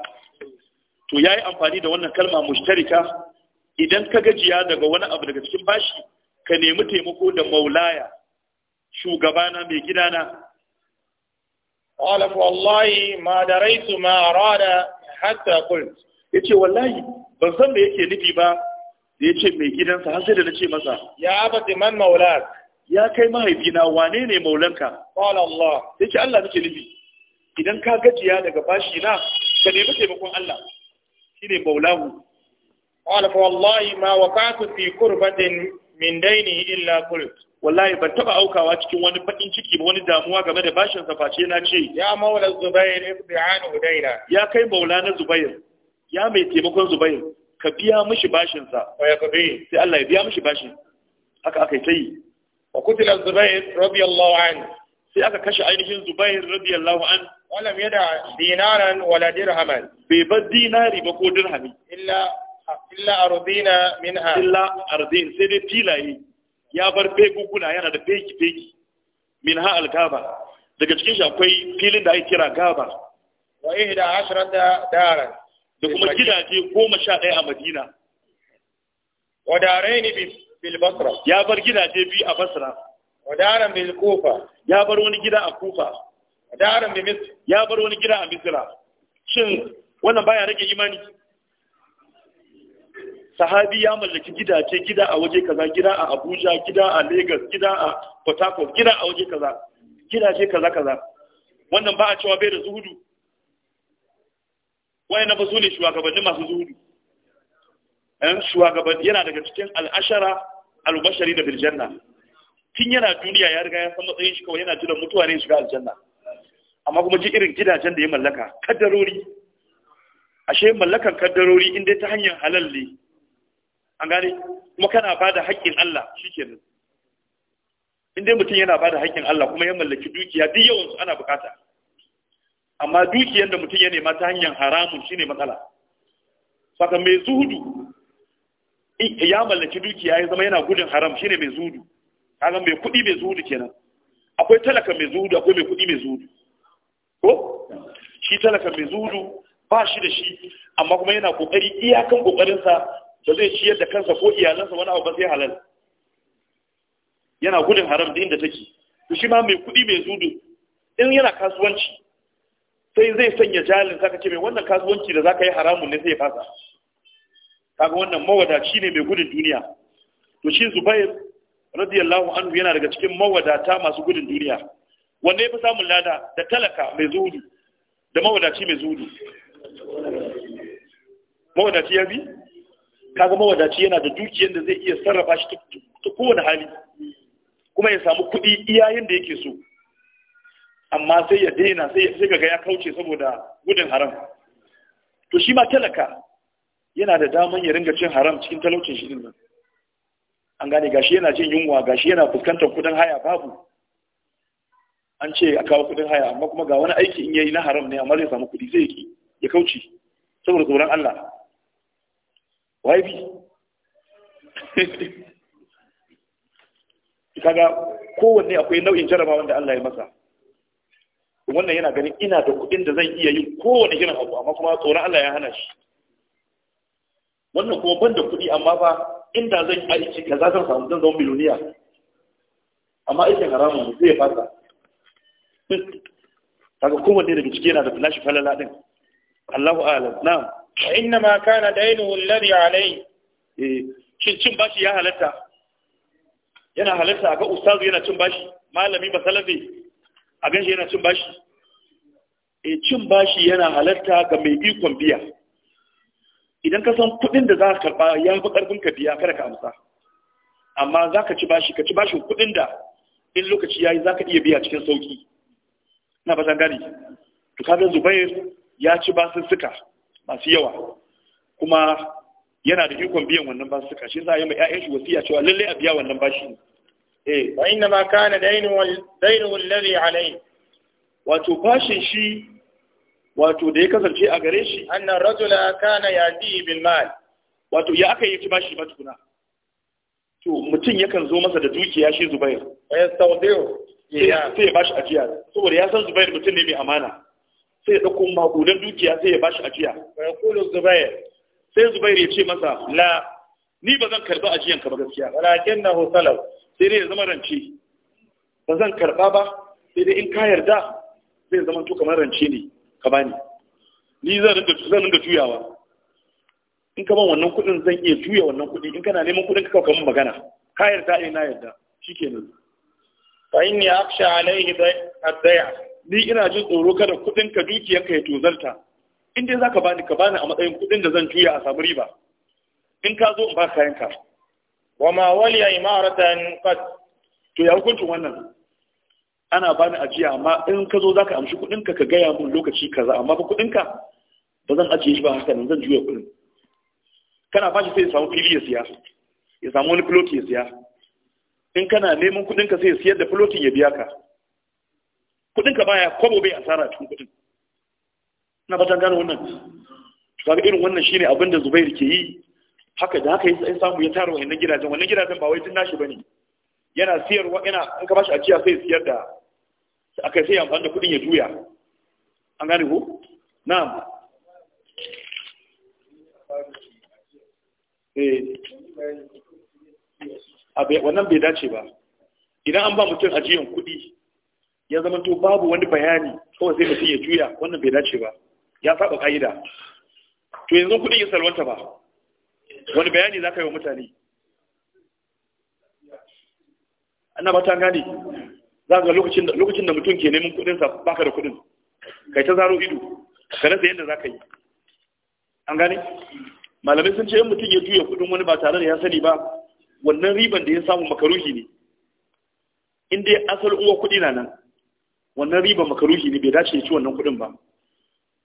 to ya yi amfani da wannan kalma mushtarika idan ka gajiya daga wani abu daga cikin bashi ka nemi taimako da maulaya shugabana mai gidana قال فوالله ما دريت ما أراد حتى قلت ya ce wallahi ban san me yake nufi ba da ya ce mai gidansa har sai da na ce masa ya abati man maulak ya kai mahaifina wane ne maulanka qala Allah sai ce Allah nake nufi idan ka gajiya daga bashi na ka nemi taimakon Allah shine maulahu qala fa wallahi ma waqatu fi qurbatin min daini illa qult wallahi ban taba aukawa cikin wani bakin ciki ba wani damuwa game da bashin sa face na ce ya maula zubair ibn anhu daina ya kai Maula na zubair ya mai taimakon zubair ka biya mishi bashinsa sai Allah ya biya mishi bashin haka aka yi ta yi wa kutila zubair radiyallahu an sai aka kashe ainihin zubair radiyallahu an walam yada dinaran wala dirhaman bai bar dinari ba ko dirhami illa illa ardina minha illa ardin sai dai filaye ya bar beguguna yana da feki feki minha algaba daga cikin shi akwai filin da ake kira gaba wa ihda ashrata daran da kuma gidaje goma sha ɗaya a madina wadaraini bil bilbasra ya bar gidaje biyu a basra wadaran bil kofa. ya bar wani gida a kofa. wadaran bil mis ya bar wani gida a misra shin wannan baya rage imani sahabi ya mallaki gidaje gida a waje kaza gida a abuja gida a lagos gida a port harcourt gida a waje kaza gidaje kaza kaza wannan ba a cewa bai da zuhudu na ba su ne shugabanni masu zuhudu ɗan shugabanni yana daga cikin al'ashara al'ubashari da biljanna tun yana duniya ya riga ya san matsayin shi kawai yana jira mutuwa ne shiga aljanna amma kuma ji irin gidajen da ya mallaka kaddarori ashe mallakan kaddarori inda ta hanyar halal ne an gane kuma kana ba da haƙƙin Allah shi ke nan inda mutum yana ba da haƙƙin Allah kuma ya mallaki dukiya duk yawansu ana bukata amma dukiyar da mutum ya nema ta hanyar haramun shine matsala saka mai zuhudu ya mallaki dukiya ya zama yana gudun haram shine mai zuhudu kaga mai kuɗi mai zuhudu kenan akwai talaka mai zuhudu akwai mai kuɗi mai zuhudu ko shi talaka mai zuhudu ba shi da shi amma kuma yana kokari iyakan kokarinsa ba zai ciyar da kansa ko iyalansa wani abu ba sai halal yana gudun haram da inda take to shi ma mai kuɗi mai zuhudu in yana kasuwanci sai zai sanya jalin saka ce mai wannan kasuwanci da za ka yi haramun ne sai ya fasa kaga wannan mawadaci ne mai gudun duniya to shi Zubair radiyallahu anhu yana daga cikin mawadata masu gudun duniya wanda ya fi samun lada da talaka mai zuhudu da mawadaci mai zuhudu mawadaci ya bi kaga mawadaci yana da dukiyar da zai iya sarrafa shi ta kowane hali kuma ya samu kuɗi iyayen da yake so amma sai ya daina sai ga ya kauce saboda gudun haram to shi ma talaka yana da daman ya ringa cin haram cikin talaucin shi din nan an gane gashi yana cin yunwa gashi yana fuskantar kudin haya babu an ce a kawo kudin haya amma kuma ga wani aiki in yayi na haram ne amma zai samu kudi zai yi ya kauce saboda tsoron Allah wai bi kaga kowanne akwai nau'in jarabawa wanda Allah ya masa wannan yana ganin ina da kuɗin da zan iya yin kowane irin abu amma kuma tsoron Allah ya hana shi wannan kuma ban da kuɗi amma ba inda zan aiki za ka samu zan zama miliyoniya amma aikin haramun ne zai fasa kaga kowanne daga ciki yana da tunashi falala din Allahu a'lam na'am fa inna ma kana dainuhu alladhi alayhi eh shin cin bashi ya halatta yana halatta ga ustazu yana cin bashi malami ba salafi a ganshi yana cin bashi e cin bashi yana halatta ga mai ikon biya idan ka san kuɗin da za ka karɓa ya fi ƙarfin ka biya kada ka amsa amma za ka ci bashi ka ci bashin kuɗin da in lokaci ya yi za ka iya biya cikin sauƙi na ba san gani to kaga zubair ya ci suka masu yawa kuma yana da ikon biyan wannan suka. shi za a yi ma 'ya'yan shi wasiya cewa lallai a biya wannan bashi ne. eh wa inna ma kana dainu dainu alladhi alayhi wato bashin shi wato da ya kasance a gare shi annan rajula kana yadi bil mal wato ya aka yi bashi ba tukuna to mutum yakan zo masa da dukiya shi Zubair wa yastawdiu sai ya bashi ajiya saboda ya san Zubair mutum ne mai amana sai ya dauko magudan dukiya sai ya bashi ajiya wa yaqulu Zubair sai Zubair ya ce masa la ni ba zan karɓi ajiyan ka ba gaskiya walakinnahu salaw sai dai ya zama rance ba zan karɓa ba sai dai in ka yarda zai zama to kamar rance ne ka bani ni zan ringa juyawa in ka ban wannan kuɗin zan iya juya wannan kuɗi in kana neman kuɗin ka kawo magana ka yarda eh na yarda shikenan fa inni Aksha alayhi ad-day'a ni ina jin tsoro kada kuɗin ka dukiyanka ya tozarta in dai zaka bani ka bani a matsayin kuɗin da zan juya a samu riba in ka zo in ba kayan ka wa ma waliya imaratan qad to ya hukuncin wannan ana bani ajiya amma in ka zo zaka amshi kuɗinka ka ka gaya mun lokaci kaza amma fa kuɗinka? ka ba zan ajiye shi ba haka nan zan juya kuɗin kana bashi sai ya samu fili ya siya ya samu wani filoti ya siya in kana neman kuɗinka ka sai ya siyar da filotin ya biya ka Kuɗinka ka baya kwabo bai asara cikin kuɗin na batan gano wannan to kaga irin wannan shine abin da Zubair ke yi haka da haka ya samu ya tara wa'annan gidajen wannan gidajen ba wai tun nashi bane yana siyarwa yana an ka bashi ajiya sai siyar da kai sai amfani da kudin ya juya an gane ko na'am eh abe wannan bai dace ba idan an ba mutum ajiyan kudi ya zama to babu wani bayani kawai sai mutum ya juya wannan bai dace ba ya saba ka'ida to yanzu kudin ya salwanta ba wani bayani za ka yi wa mutane ana ba ta gane za ga lokacin da mutum ke neman kudinsa baka da kudin kai ta zaro ido ka rasa yadda za ka yi an gane malamai sun ce yin mutum ya juya kudin wani ba tare da ya sani ba wannan riban da ya samu makaruhi ne inda ya asal uwa kudi na nan wannan riban makaruhi ne bai dace ya ci wannan kudin ba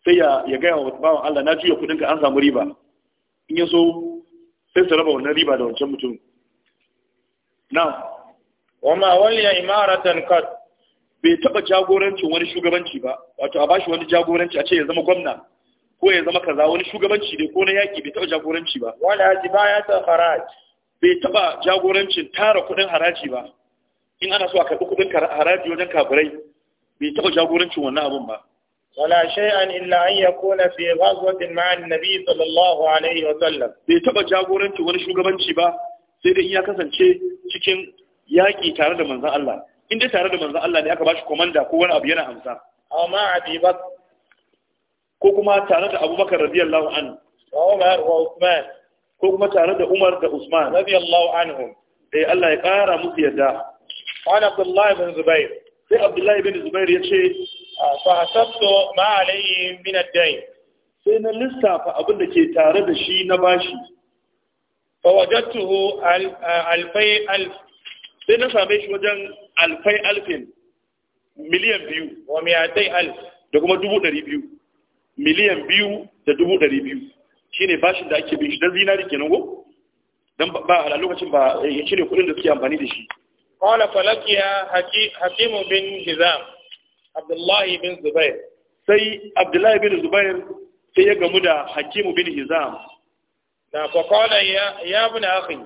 sai ya gaya wa bawan Allah na juya kudin ka an samu riba in ya so sai su raba wannan riba da wancan mutum na wa ma waliya imaratan kad bai taba jagorancin wani shugabanci ba wato a bashi wani jagoranci a ce ya zama gwamna ko ya zama kaza wani shugabanci ne ko na yaki bai taba jagoranci ba wala jibaya ta faraj bai taba jagorancin tara kudin haraji ba in ana so a karbi kudin haraji wajen kafirai bai taba jagorancin wannan abun ba ولا شيئا إلا أن يكون في غزوة مع النبي صلى الله عليه وسلم bai taba jagoranci wani shugabanci ba sai dai in ya kasance cikin yaƙi tare da manzon Allah in dai tare da manzon Allah ne aka bashi komanda ko wani abu yana amsa aw ma Abi Bakr ko kuma tare da Abubakar radiyallahu anhu wa Umar wa Uthman ko kuma tare da Umar da Usman radiyallahu anhum eh Allah ya ƙara musu yadda qala Abdullah ibn Zubair sai Abdullah ibn Zubair ya ce fahasasto ma alayhi min ad-dayn sai na lissafa abin da ke tare da shi na bashi fa wajadtuhu alfai alf sai na same shi wajen alfai alfin miliyan biyu wa miyatai alf da kuma dubu ɗari biyu miliyan biyu da dubu ɗari biyu shine bashin da ake bin shi don zinari kenan ko don ba a lokacin ba ya eh, cire kuɗin da suke amfani da shi qala falakiya hakimu bin hizam abdullahi bin zubair sai abdullahi bin zubair sai ya gamu da hakimu bin hizam Da faƙola ya ya bin akhi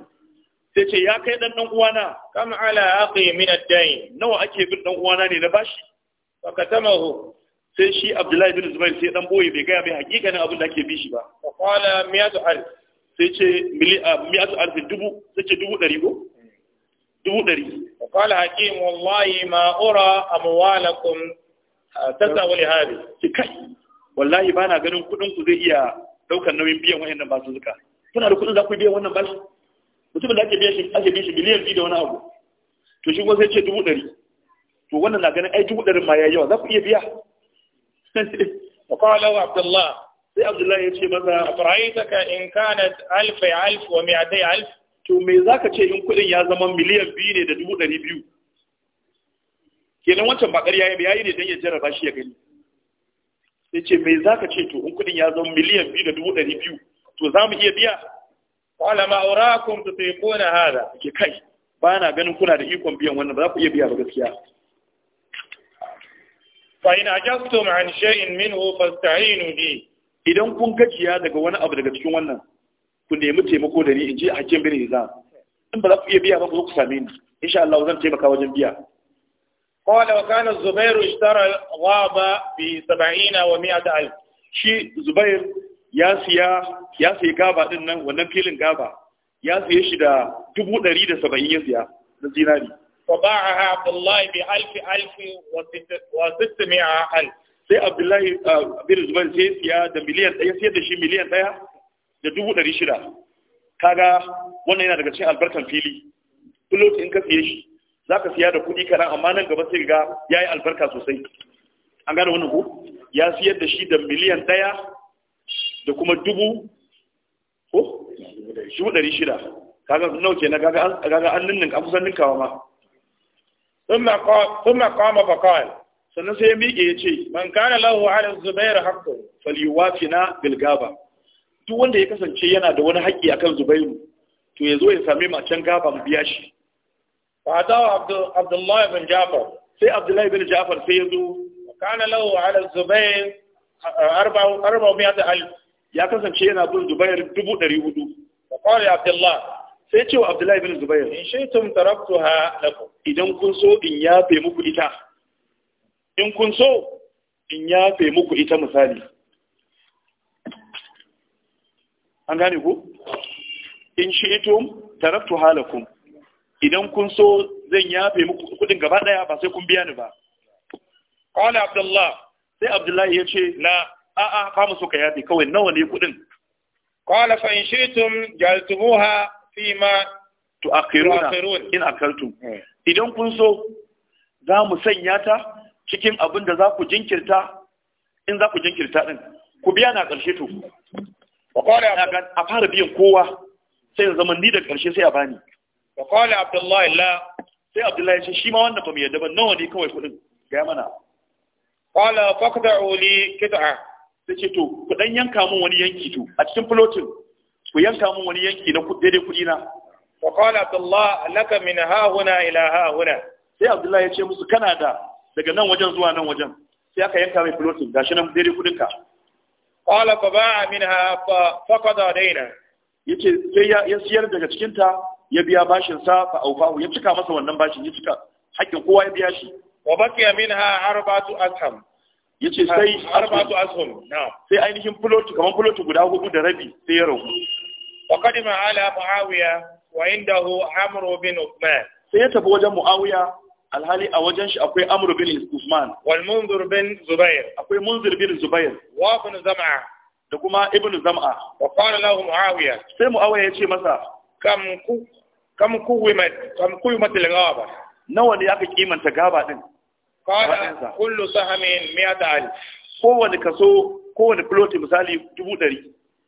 sai ce ya kai dan dan uwana kam ala akhi min ad dain nawa ake bin dan uwana ne na bashi fakatamahu sai shi abdullahi bin zubair sai dan boye bai gaya mai hakikanin abin da ake bi shi ba faƙola miyatu alf sai ce ah, mi'atu alf dubu sai ce dubu ɗari dubu ɗari. Kala hakim wallahi ma ura amwalakum wani hadi. Ki kai wallahi ba na ganin kuɗin ku zai iya ɗaukar nauyin biyan wayannan basu zuka. Kuna da kuɗin za ku biyan wannan bashi? Mutumin da ake biya shi ake biya shi miliyan biyu da wani abu. To shi kuma sai ce dubu ɗari. To wannan na ganin ai dubu ɗarin ma ya yawa za ku iya biya. Wakala wa Abdullah. Sai Abdullah ya ce maza. Fara'aitaka in kanat alfa alf wa mi'atai alf. to me za ka ce in kuɗin ya zama miliyan biyu ne da dubu ɗari biyu kenan wancan bakar ya yi ne don ya jarraba shi ya gani sai ce me za ka ce to in kuɗin ya zama miliyan biyu da dubu ɗari biyu to za mu iya biya kwala ma'aurakun ta sai kona hada ke kai ba na ganin kuna da ikon biyan wannan ba za ku iya biya ba gaskiya fa'in ajabtum in shay'in minhu fasta'inu ne idan kun gajiya daga wani abu daga cikin wannan ku nemi taimako da ni in ji hakim bin hizam in ba za ku iya biya ba ku same ni insha Allah zan taimaka wajen biya qala wa kana zubair ishtara ghaba bi 70 wa 100 alf shi zubair ya siya ya siya gaba din nan wannan filin gaba ya siye shi da 170 ya siya na zinari fa ba'aha abdullah bi alf alf wa 600 alf sai abdullahi ah, bin zubair sai siya da miliyan ɗaya sai da shi miliyan ɗaya da dubu ɗari shida kaga wannan yana daga cikin albarkan fili pilot in ka siye shi za ka siya da kuɗi kaɗan amma nan gaba sai ga ya yi albarka sosai an gane wannan ko ya siyar da shi da miliyan ɗaya da kuma dubu ko dubu ɗari shida kaga nau kenan kaga an nan ka kusan ninkawa ma ثم قام فقال sannan sai ya miƙe ya ce man kana lahu ala zubair haqqun falyuwafina bil gaba duk wanda ya kasance yana da wani haƙƙi akan Zubairu to ya zo ya same mu a can gaba mu biya shi fa da Abdullahi bin Jafar sai Abdullahi bin Jafar sai ya zo kana lahu ala Zubair 400 ya kasance yana bin Zubair 400 fa qala Abdullahi sai ce wa Abdullahi bin Zubair in shaytum taraktuha lakum idan kun so in yafe muku ita in kun so in yafe muku ita misali an gane ku in shi itum taraktu halakum idan kun so zan yafe muku kudin gaba daya ba sai kun biya ni ba qala abdullah sai abdullahi ya ce la a'a mu so ka yafe kawai nawa ne kudin qala fa in shi'tum jaltumuha fi ma tu'akhiruna in akaltum eh. idan kun so za mu sanya ta cikin abin da za ku jinkirta in za ku jinkirta din ku biya na ƙarshe to a fara biyan kowa sai zama ni da ƙarshe sai a bani wa abdullahi la sai abdullahi ce shi ma wannan ba mu yadda ba nawa ne kawai kuɗin ga mana qala faqda'u li ta ce to ku dan yanka mun wani yanki to a cikin floating ku yanka mun wani yanki na daidai kuɗi na wa abdullahi laka min ha huna ila ha huna sai abdullahi ya ce musu kana da daga nan wajen zuwa nan wajen sai aka yanka mai floating gashi nan daidai kuɗinka qala fa ba'a minha fa faqada dayna yace sai ya siyar daga cikin ta ya biya bashin sa fa aufahu ya cika masa wannan bashin ya cika hakkin kowa ya biya shi wa baqiya minha arba'atu asham yace sai arba'atu asham na'am sai ainihin fulotu kaman fulotu guda hudu da rabi sai ya ragu wa qadima ala muawiya wa indahu amru bin uthman sai ya tafi wajen muawiya alhali a wajen shi akwai amr bin usman wal munzir bin zubair akwai munzir bin zubair wa ibn zam'a da kuma ibn zam'a wa qala lahu muawiya sai muawiya ya ce masa kam ku kam wimat kam wimat al gaba nawa ne aka kimanta gaba din qala kullu sahamin 100000 kowane kaso kowane ploti misali dubu ɗari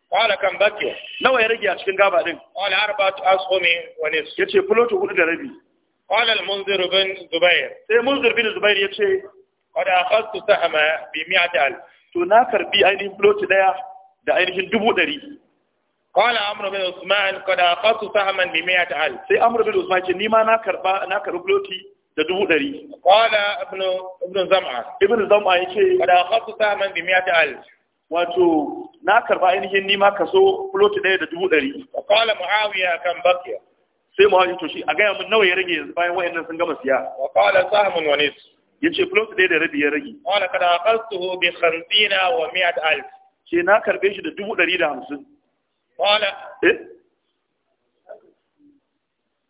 Kwala kan bakiya. Nawa ya rage a cikin gaba din Kwala arba'atu asumi wa nisf. Yace fulotu hudu da rabi. قال المنذر بن زبير المنذر بن زبير يتشي قد أخذت سهم سهما بمئة ألف تناكر بأين بلوت دا دا أين دبو داري قال عمرو بن عثمان قد أخذت سهما بمئة ألف سي أمر بن عثمان يتشي نيما ناكر با ناكر بلوتي دا دبو داري قال ابن ابن زمعة ابن زمعة يتشي قد أخذت سهما بمئة ألف واتو ناكر با أين نيما كسو بلوت دا دبو داري قال معاوية كان بكيا sai muhaji to shi a gaya mun nawa ya rage yanzu bayan wayannan sun gama siya wa qala sahmun wa nis yace plus ɗaya da rabi ya rage qala kada aqastuhu bi 50 wa 100 alf ce na karbe shi da 150 qala eh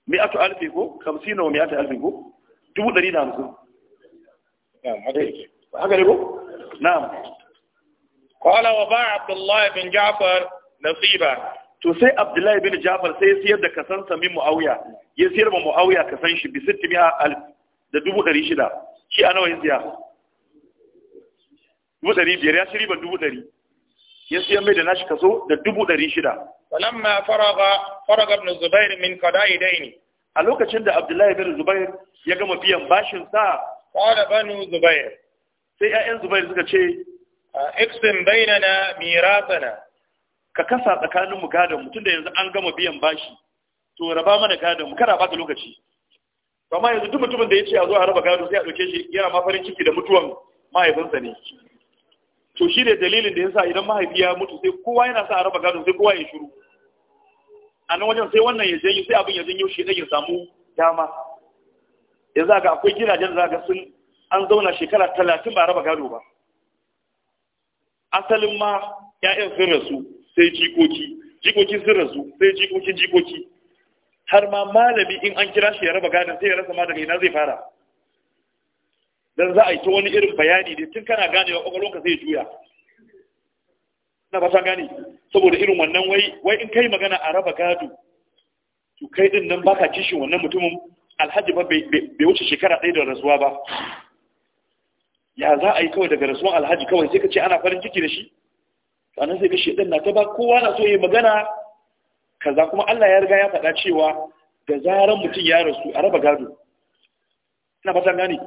mi'atu alfi ko 50 wa mi'atu ko 150 eh, haka ne ko na'am qala wa ba'a abdullah bin ja'far nasiba to sai abdullahi bin jafar sai ya siyar da kasan samin muawiya ya siyar ma muawiya kasan shi bi sitti a da dubu ɗari shida shi a nawa ya siya dubu ɗari biyar ya shiri ba dubu ɗari ya siya mai da nashi kaso da dubu ɗari shida falamma faraga faraga ibn zubair min dai daini a lokacin da abdullahi bin zubair ya gama biyan bashin sa qala banu zubair sai 'ya'yan zubair suka ce iksim bainana miratana ka kasa tsakanin mu gadon mu tunda yanzu an gama biyan bashi to raba mana gadon mu kada ba lokaci amma yanzu duk mutumin da ya ce a zo a raba gado sai a ɗauke shi yana ma farin ciki da mutuwan mahaifinsa ne to shi ne dalilin da yasa idan mahaifi ya mutu sai kowa yana sa a raba gado sai kowa ya shiru a nan wajen sai wannan ya janyo sai abin ya janyo shi ya samu dama yanzu ga akwai gidajen da ga sun an zauna shekara talatin ba raba gado ba asalin ma 'ya'yan sun rasu sai jikoki jikoki sun rasu sai jikokin jikoki har ma malami in an kira shi ya raba gadon sai ya rasa ma daga ina zai fara dan za a yi ta wani irin bayani da tun kana wa kwakwalwanka zai juya na ba ta gane saboda irin wannan wai wai in kai magana a raba gado to kai din nan baka kishin wannan mutumin alhaji ba bai wuce shekara ɗaya da rasuwa ba ya za a yi kawai daga rasuwan alhaji kawai sai ka ce ana farin ciki da shi sannan sai ga ɗin na ta ba kowa na so yi magana kaza kuma Allah ya riga ya faɗa cewa da zaran mutum ya rasu a raba gado ina fatan gane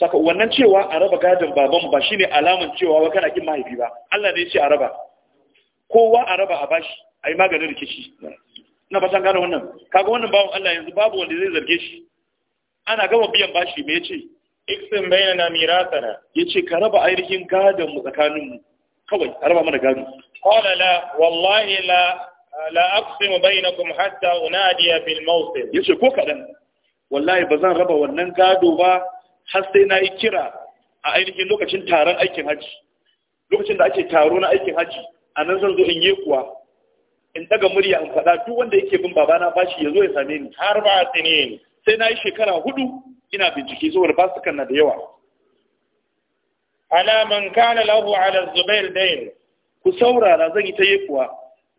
saka wannan cewa a raba gadon baban ba shine alaman cewa wa kana kin mahaifi ba Allah ne ya ce a raba kowa a raba a bashi a yi maganin rikici ina fatan gane wannan kaga wannan bawan Allah yanzu babu wanda zai zarge shi ana gama biyan bashi me yace iksin bainana mirasana yace ka raba ainihin gadon mu tsakanin mu kawai a raba mana gado qala la wallahi la la na kuma hatta unadiya bil Ya ce ko kaɗan, wallahi ba zan raba wannan gado ba har sai na yi kira a ainihin lokacin taron aikin haji lokacin da ake taro na aikin haji a nan zan zo in yi kuwa in daga murya in faɗa duk wanda yake bin babana bashi ya zo ya same ni har ba sai na yi shekara hudu ina bincike saboda ba su na da yawa ala man kana lahu ala zubair dain ku saurara zan yi ta yi kuwa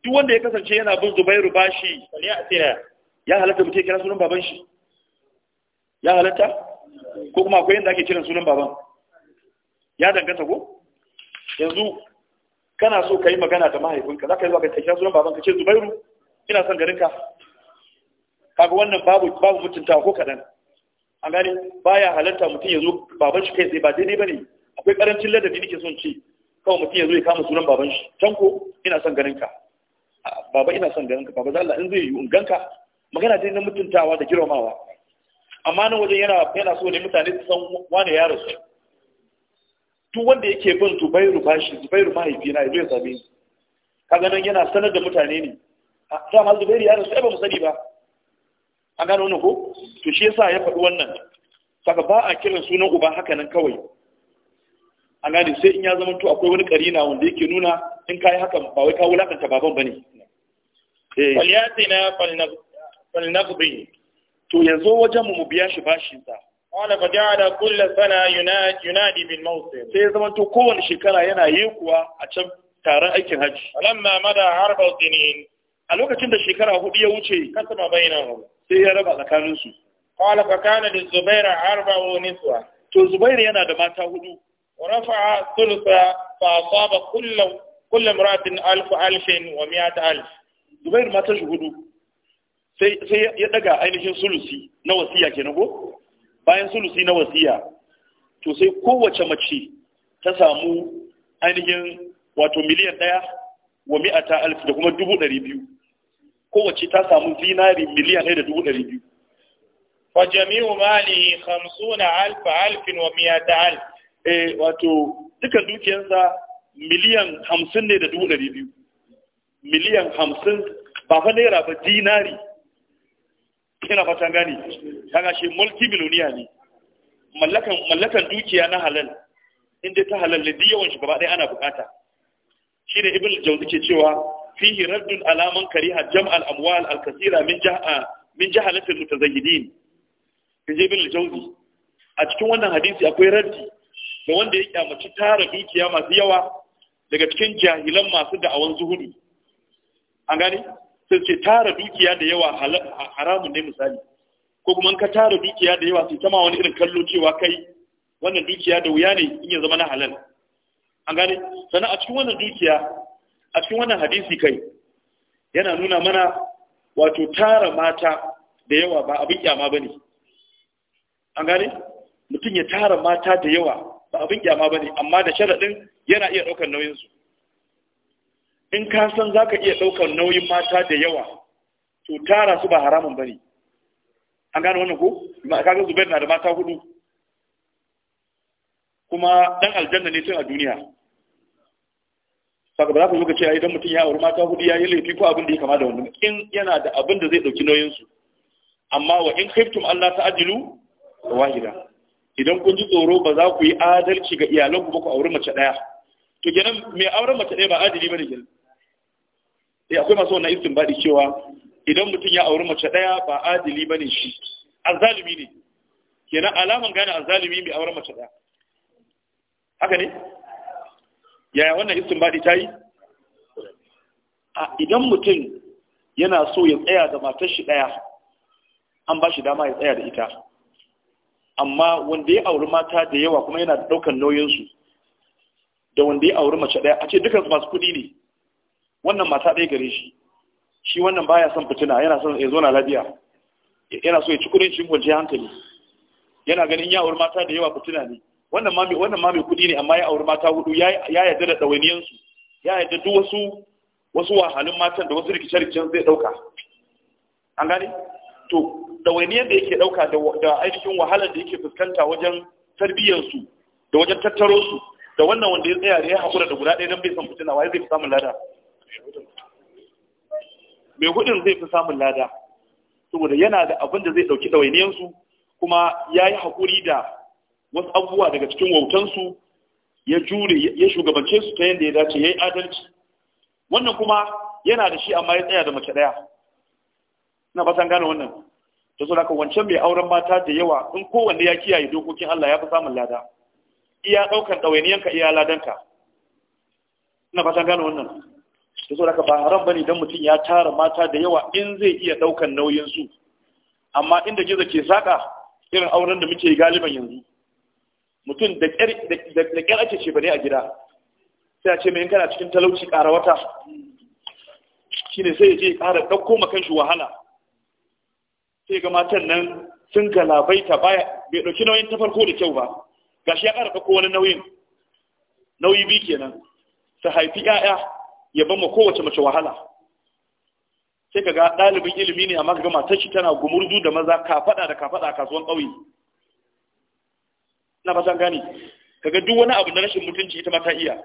duk wanda ya kasance yana bin zubairu bashi ya halatta mutum kira sunan baban shi ya halatta ko kuma akwai yadda ake kiran sunan baban ya danganta ko yanzu kana so ka yi magana da mahaifinka za ka yi zuwa ka kira sunan baban ka ce zubairu ina son garin ka. kaga wannan babu babu mutunta ko kaɗan an gane baya halatta mutum ya zo baban shi kai sai ba daidai ba ne akwai karancin ladabi nake son ce kawai mutum ya zo ya kama sunan baban shi can ko ina son ganin ka baba ina son ganin ka baba za Allah in zai yi in ganka magana dai na mutuntawa da girmamawa amma nan wajen yana yana so ne mutane su san wane ya rasu duk wanda yake bin Zubairu bashi Zubairu mahaifina ya zo ya same ni kaga nan yana sanar da mutane ne ta ma da ya rasu ai ba mu sani ba an gano ne ko to shi yasa ya faɗi wannan saka ba a kiran sunan uba haka nan kawai an gane sai in ya zama to akwai wani karina wanda yake nuna in kai hakan ba wai ka wulakanta baban bane eh fal falnaqbi to yanzu wajen mu mu biya shi bashin sa wala fa ja'ala kullu sana yunadi yunadi bil mawsim sai zama to kowanne shekara yana yekuwa a can taron aikin hajji lamma mada harba sinin a lokacin da shekara hudu ya wuce kasama bainahum sai ya raba tsakaninsu qala fa kana lizubair arba'u niswa to zubair yana da mata hudu ورفع الثلث فأصاب كل كل امرأة ألف ألف ومئة ألف زبير ما تشهدوا sai ya daga ainihin sulusi na wasiya kenan ko bayan sulusi na wasiya to sai kowace mace ta samu ainihin wato miliyan ɗaya wa mi'ata alif da kuma dubu ɗari biyu kowace ta samu zinari miliyan ɗaya da dubu ɗari biyu fa jami'u mali hamsuna alfa alfin wa mi'ata alif Eh, wato dukkan dukiyarsa miliyan hamsin ne da dubu ɗari biyu miliyan hamsin ba fa naira ba dinari ina fatan gani ta gashi mulki miliyoniya ne mallakan mallakan dukiya na halal inda ta halal ne duk yawan shugaba ɗaya ana bukata shi ne ibn jawzi ke cewa fihi raddun alaman kariha jam'al amwal al-kathira min jaha ah, min jahalatil mutazayyidin ibn jawzi a cikin wannan hadisi akwai raddi da wanda ya kyamaci tara dukiya masu yawa daga cikin jahilan masu da'awan zuhudu an gane sai ce tara dukiya da yawa haramun ne misali ko kuma ka tara dukiya da yawa sai tama wani irin kallo cewa kai wannan dukiya da wuya ne in ya zama na halal an gane sannan a cikin wannan dukiya a cikin wannan hadisi kai yana nuna mana wato tara mata da yawa ba abin kyama ba ne an gane mutum ya tara mata da yawa ba abin kyama ba ne amma da sharaɗin yana iya ɗaukar nauyinsu in ka san za ka iya ɗaukar nauyin mata da yawa to tara su ba haramun ba ne an gane wannan ko kaga zubair na da mata hudu kuma ɗan aljanna ne tun a duniya saka ba za ku zo ka ce mutum ya auri mata hudu ya yi laifi ko abin da ya kama da wannan in yana da abin da zai ɗauki nauyinsu amma wa in khiftum Allah ta'dilu wahida idan kun ji tsoro ba za ku yi adalci ga iyalanku ba ku auri mace ɗaya to kenan mai auren mace ɗaya ba adali ba ne kenan eh akwai masu wannan istin baɗi cewa idan mutum ya auri mace ɗaya ba adali ba ne shi azzalumi ne kenan alaman gane azzalumi mai auren mace ɗaya haka ne yaya wannan istin baɗi ta yi a idan mutum yana so ya tsaya da matar shi ɗaya an ba shi dama ya tsaya da ita amma wanda ya auri mata da yawa kuma yana da daukan nauyinsu da wanda ya auri mace daya a ce su masu kuɗi ne wannan mata ɗaya gare shi shi wannan baya son fitina yana son ya zauna lafiya yana so ya ci kuɗin cikin kwanciyar hankali yana ganin ya auri mata da yawa fitina ne wannan ma mai wannan ma mai kuɗi ne amma ya auri mata hudu ya yarda da ɗawainiyarsu, ya yarda duk wasu wasu wahalun matan da wasu rikice-rikicen zai ɗauka an gane to ɗawainiyar da yake ɗauka da ainihin wahalar da yake fuskanta wajen tarbiyyarsu da wajen tattaro su da wannan wanda ya tsaya da ya haƙura da guda ɗaya don bai san fitina waye zai fi samun lada mai hudin zai fi samun lada saboda yana da abin da zai ɗauki ɗawainiyarsu kuma ya yi haƙuri da wasu abubuwa daga cikin wautansu ya jure ya shugabance su ta yadda ya dace ya yi adalci wannan kuma yana da shi amma ya tsaya da mace ɗaya ina fasan gane wannan to saboda wancan mai auren mata da yawa in kowanne ya kiyaye dokokin Allah ya fi samun lada iya daukan ka iya ladanka ina ba gane wannan to saboda ba haram bane dan mutum ya tara mata da yawa in zai iya daukan nauyin su amma inda gizo ke saka irin auren da muke galiban yanzu mutum da kyar ake ce bane a gida sai a ce mai kana cikin talauci ƙara wata shine sai ya je ƙara ɗauko makan shi wahala sai ga matan nan sun ta baya bai dauki nauyin ta farko da kyau ba gashi ya kara ɗauko wani nauyin nauyi bi kenan ta haifi 'ya'ya ya ba mu kowace mace wahala sai ka ga ɗalibin ilimi ne amma kaga ga matar shi tana gumurdu da maza ka fada da kafaɗa a kasuwan kauye na san gani kaga duk wani abu na rashin mutunci ita ma ta iya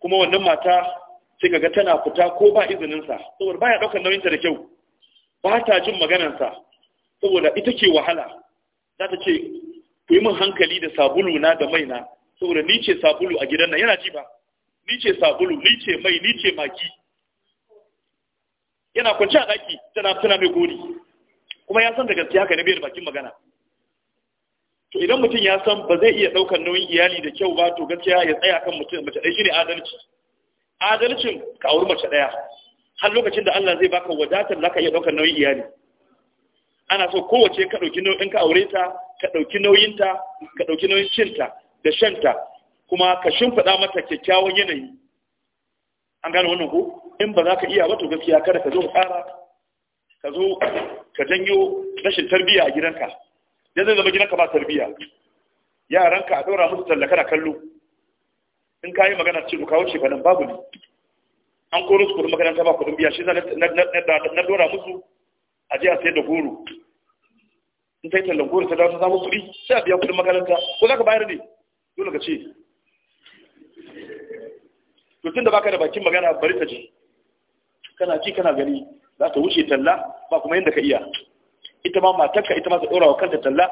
kuma wannan mata sai kaga tana fita ko ba izininsa saboda baya ɗaukar ta da kyau ba ta jin maganarsa saboda ita ke wahala za ta ce ku yi min hankali da sabulu na da mai na saboda ni ce sabulu a gidan nan yana ji ba ni ce sabulu ni ce mai ni ce maki yana kwanci a ɗaki tana tana mai gori kuma ya san da gaske haka na biyar bakin magana to idan mutum ya san ba zai iya ɗaukar nauyin iyali da kyau ba to gaskiya ya tsaya kan mutum mace ɗaya shine adalci adalcin ka auri mace ɗaya har lokacin da Allah zai baka wadatar da ka iya ɗaukar nauyin iyali ana so kowace ka dauki nauyin ka aure ta ka ɗauki nauyin ta ka ɗauki nauyin cinta da shanta kuma ka shimfiɗa mata kyakkyawan yanayi an gane wannan ko in ba za ka iya ba to gaskiya kada ka zo ka ƙara ka zo ka janyo rashin tarbiyya a gidanka dan zai zama gidanka ba tarbiyya yaranka a daura musu tallaka da kallo in ka yi magana ce ka wuce ba nan babu ne an koro su kudin makaranta ba kudin biya shi na dora musu a je a sayar da goro in ta yi tallan goro ta dawo ta samu kuɗi sai a biya kudin makaranta ko za ka bayar ne dole ka ce to tun da baka da bakin magana bari ta ji kana ji kana gani za ta wuce talla ba kuma yadda ka iya ita ma matarka ita ma ta ɗora wa kanta talla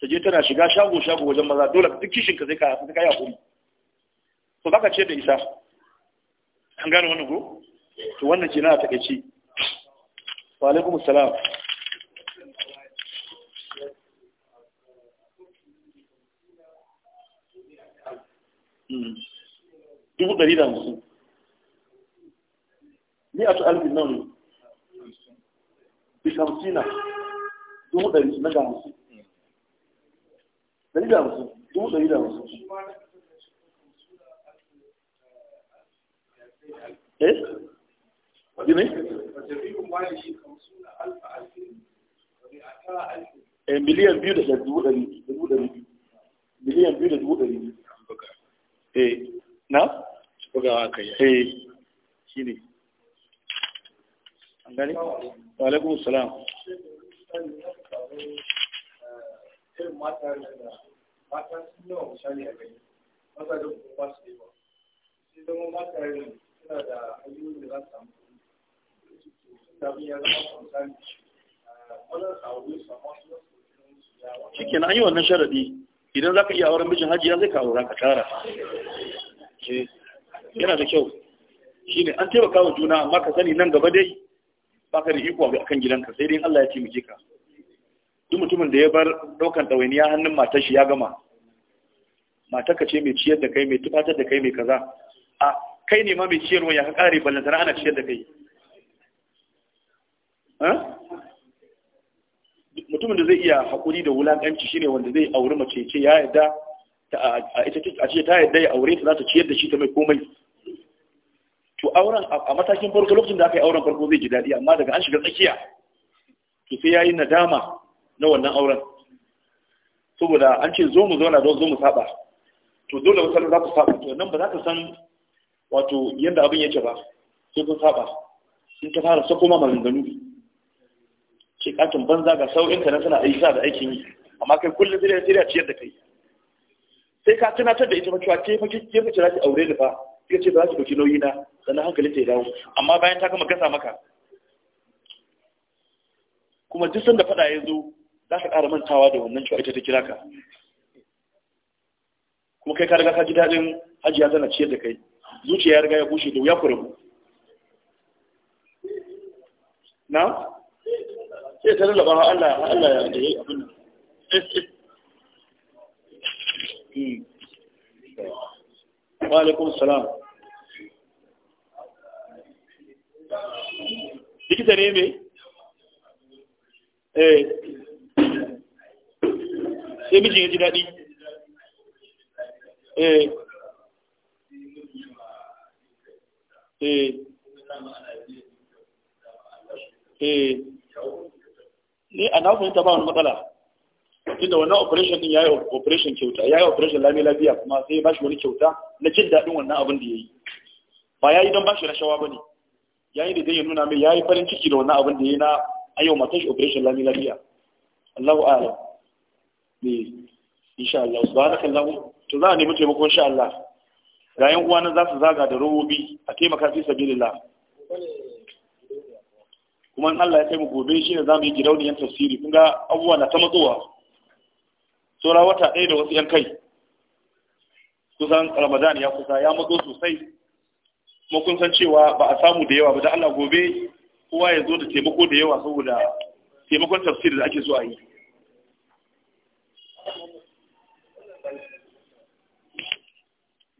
ta je tana shiga shago shago wajen maza dole duk kishin ka zai ka yi hakuri to baka ce da isa an gane wannan ko to wannan na a ci. wa alaikum salam. Hmm. dubu ɗari da hamsin ni a tu alfin nan ne bisamsina dubu ɗari na da hamsin Dari da hamsin dubu ɗari da hamsin eh ne eh, miliyan biyu da dubu ɗari dubu ɗari miliyan biyu da dubu ɗari biyu eh na bugawa kai eh shine an gani wa alaikum salam mata da mata sun yawa misali a gani mata da kuma ba su yawa sai zama mata irin suna da hanyoyin da za su samu cikin eh, an yi wannan sharaɗi idan za ka iya auren mijin ya zai kawo auren ka tara eh, yana da kyau shi ne an taimaka wa juna amma ka sani nan gaba dai ba ka da iko a kan gidanka sai dai Allah ya taimake ka duk mutumin da ya bar ɗaukan ɗawainiya hannun matar shi ya gama matar ka ce mai ciyar da kai mai tufatar da kai mai kaza a kai ne ma mai ciyarwa ya ka kare ballantana ana ciyar da kai mutumin da zai iya haƙuri da wulaƙanci shine wanda zai auri mace ce ya yadda a ce ta yadda ya aure ta za ta ciyar da shi ta mai komai to auren a matakin farko lokacin da aka yi auren farko zai ji daɗi amma daga an shiga tsakiya to sai ya yi nadama na wannan auren saboda an ce zo mu zauna don zo mu saba to dole wasu za ku saba to nan ba za ka san wato yadda abin yake ba sai kun saba in ka fara sako ma maganganu ke katin banza ga sau'in ka na sana aisa da aikin yi amma kai kullum sai da sai da ciyar da kai sai ka tunatar da ita ba cewa ke fa ke fa kira aure da fa kika ce ba za ki dauki nauyi na sannan hankali ta dawo amma bayan ta gama gasa maka kuma duk sanda fada ya zo za ka ƙara mantawa da wannan cewa ita ta kira ka kuma kai ka riga ka ji daɗin hajiya tana ciyar da kai zuciyar ga ya kushe da ya kurabu na ce ta lalaba ha Allah ya da yayi abin nan hmm. wa alaikum salam likita ne me eh sai mijin ya ji daɗi eh Eh. Eh. ni a na ta ba wani matsala tunda wannan operation din yayi operation kyauta yayi operation lami lafiya kuma sai bashi wani kyauta na jin dadin wannan abin da yayi ba yayi don bashi rashawa bane yayi da dai ya nuna mai yayi farin ciki da wannan abin da yayi na ayyau matan shi operation lami lafiya Allahu a'lam ne eh. insha Allah subhanaka to za a nemi taimako insha Allah ga yan uwa za su zaga da robobi a taimaka fi sabilillah kuma in Allah ya kai mu gobe shi ne za mu yi gidauniyar tafsiri kun ga abubuwa na ta matsowa saura wata ɗaya da wasu yan kai kusan ramadan ya kusa ya matso sosai kuma kun san cewa ba a samu da yawa ba da Allah gobe kowa ya zo da taimako da yawa saboda taimakon tafsiri da ake so a yi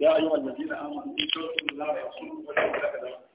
يا أيها الذين آمنوا اتقوا الله ورسوله ولا تكذبوا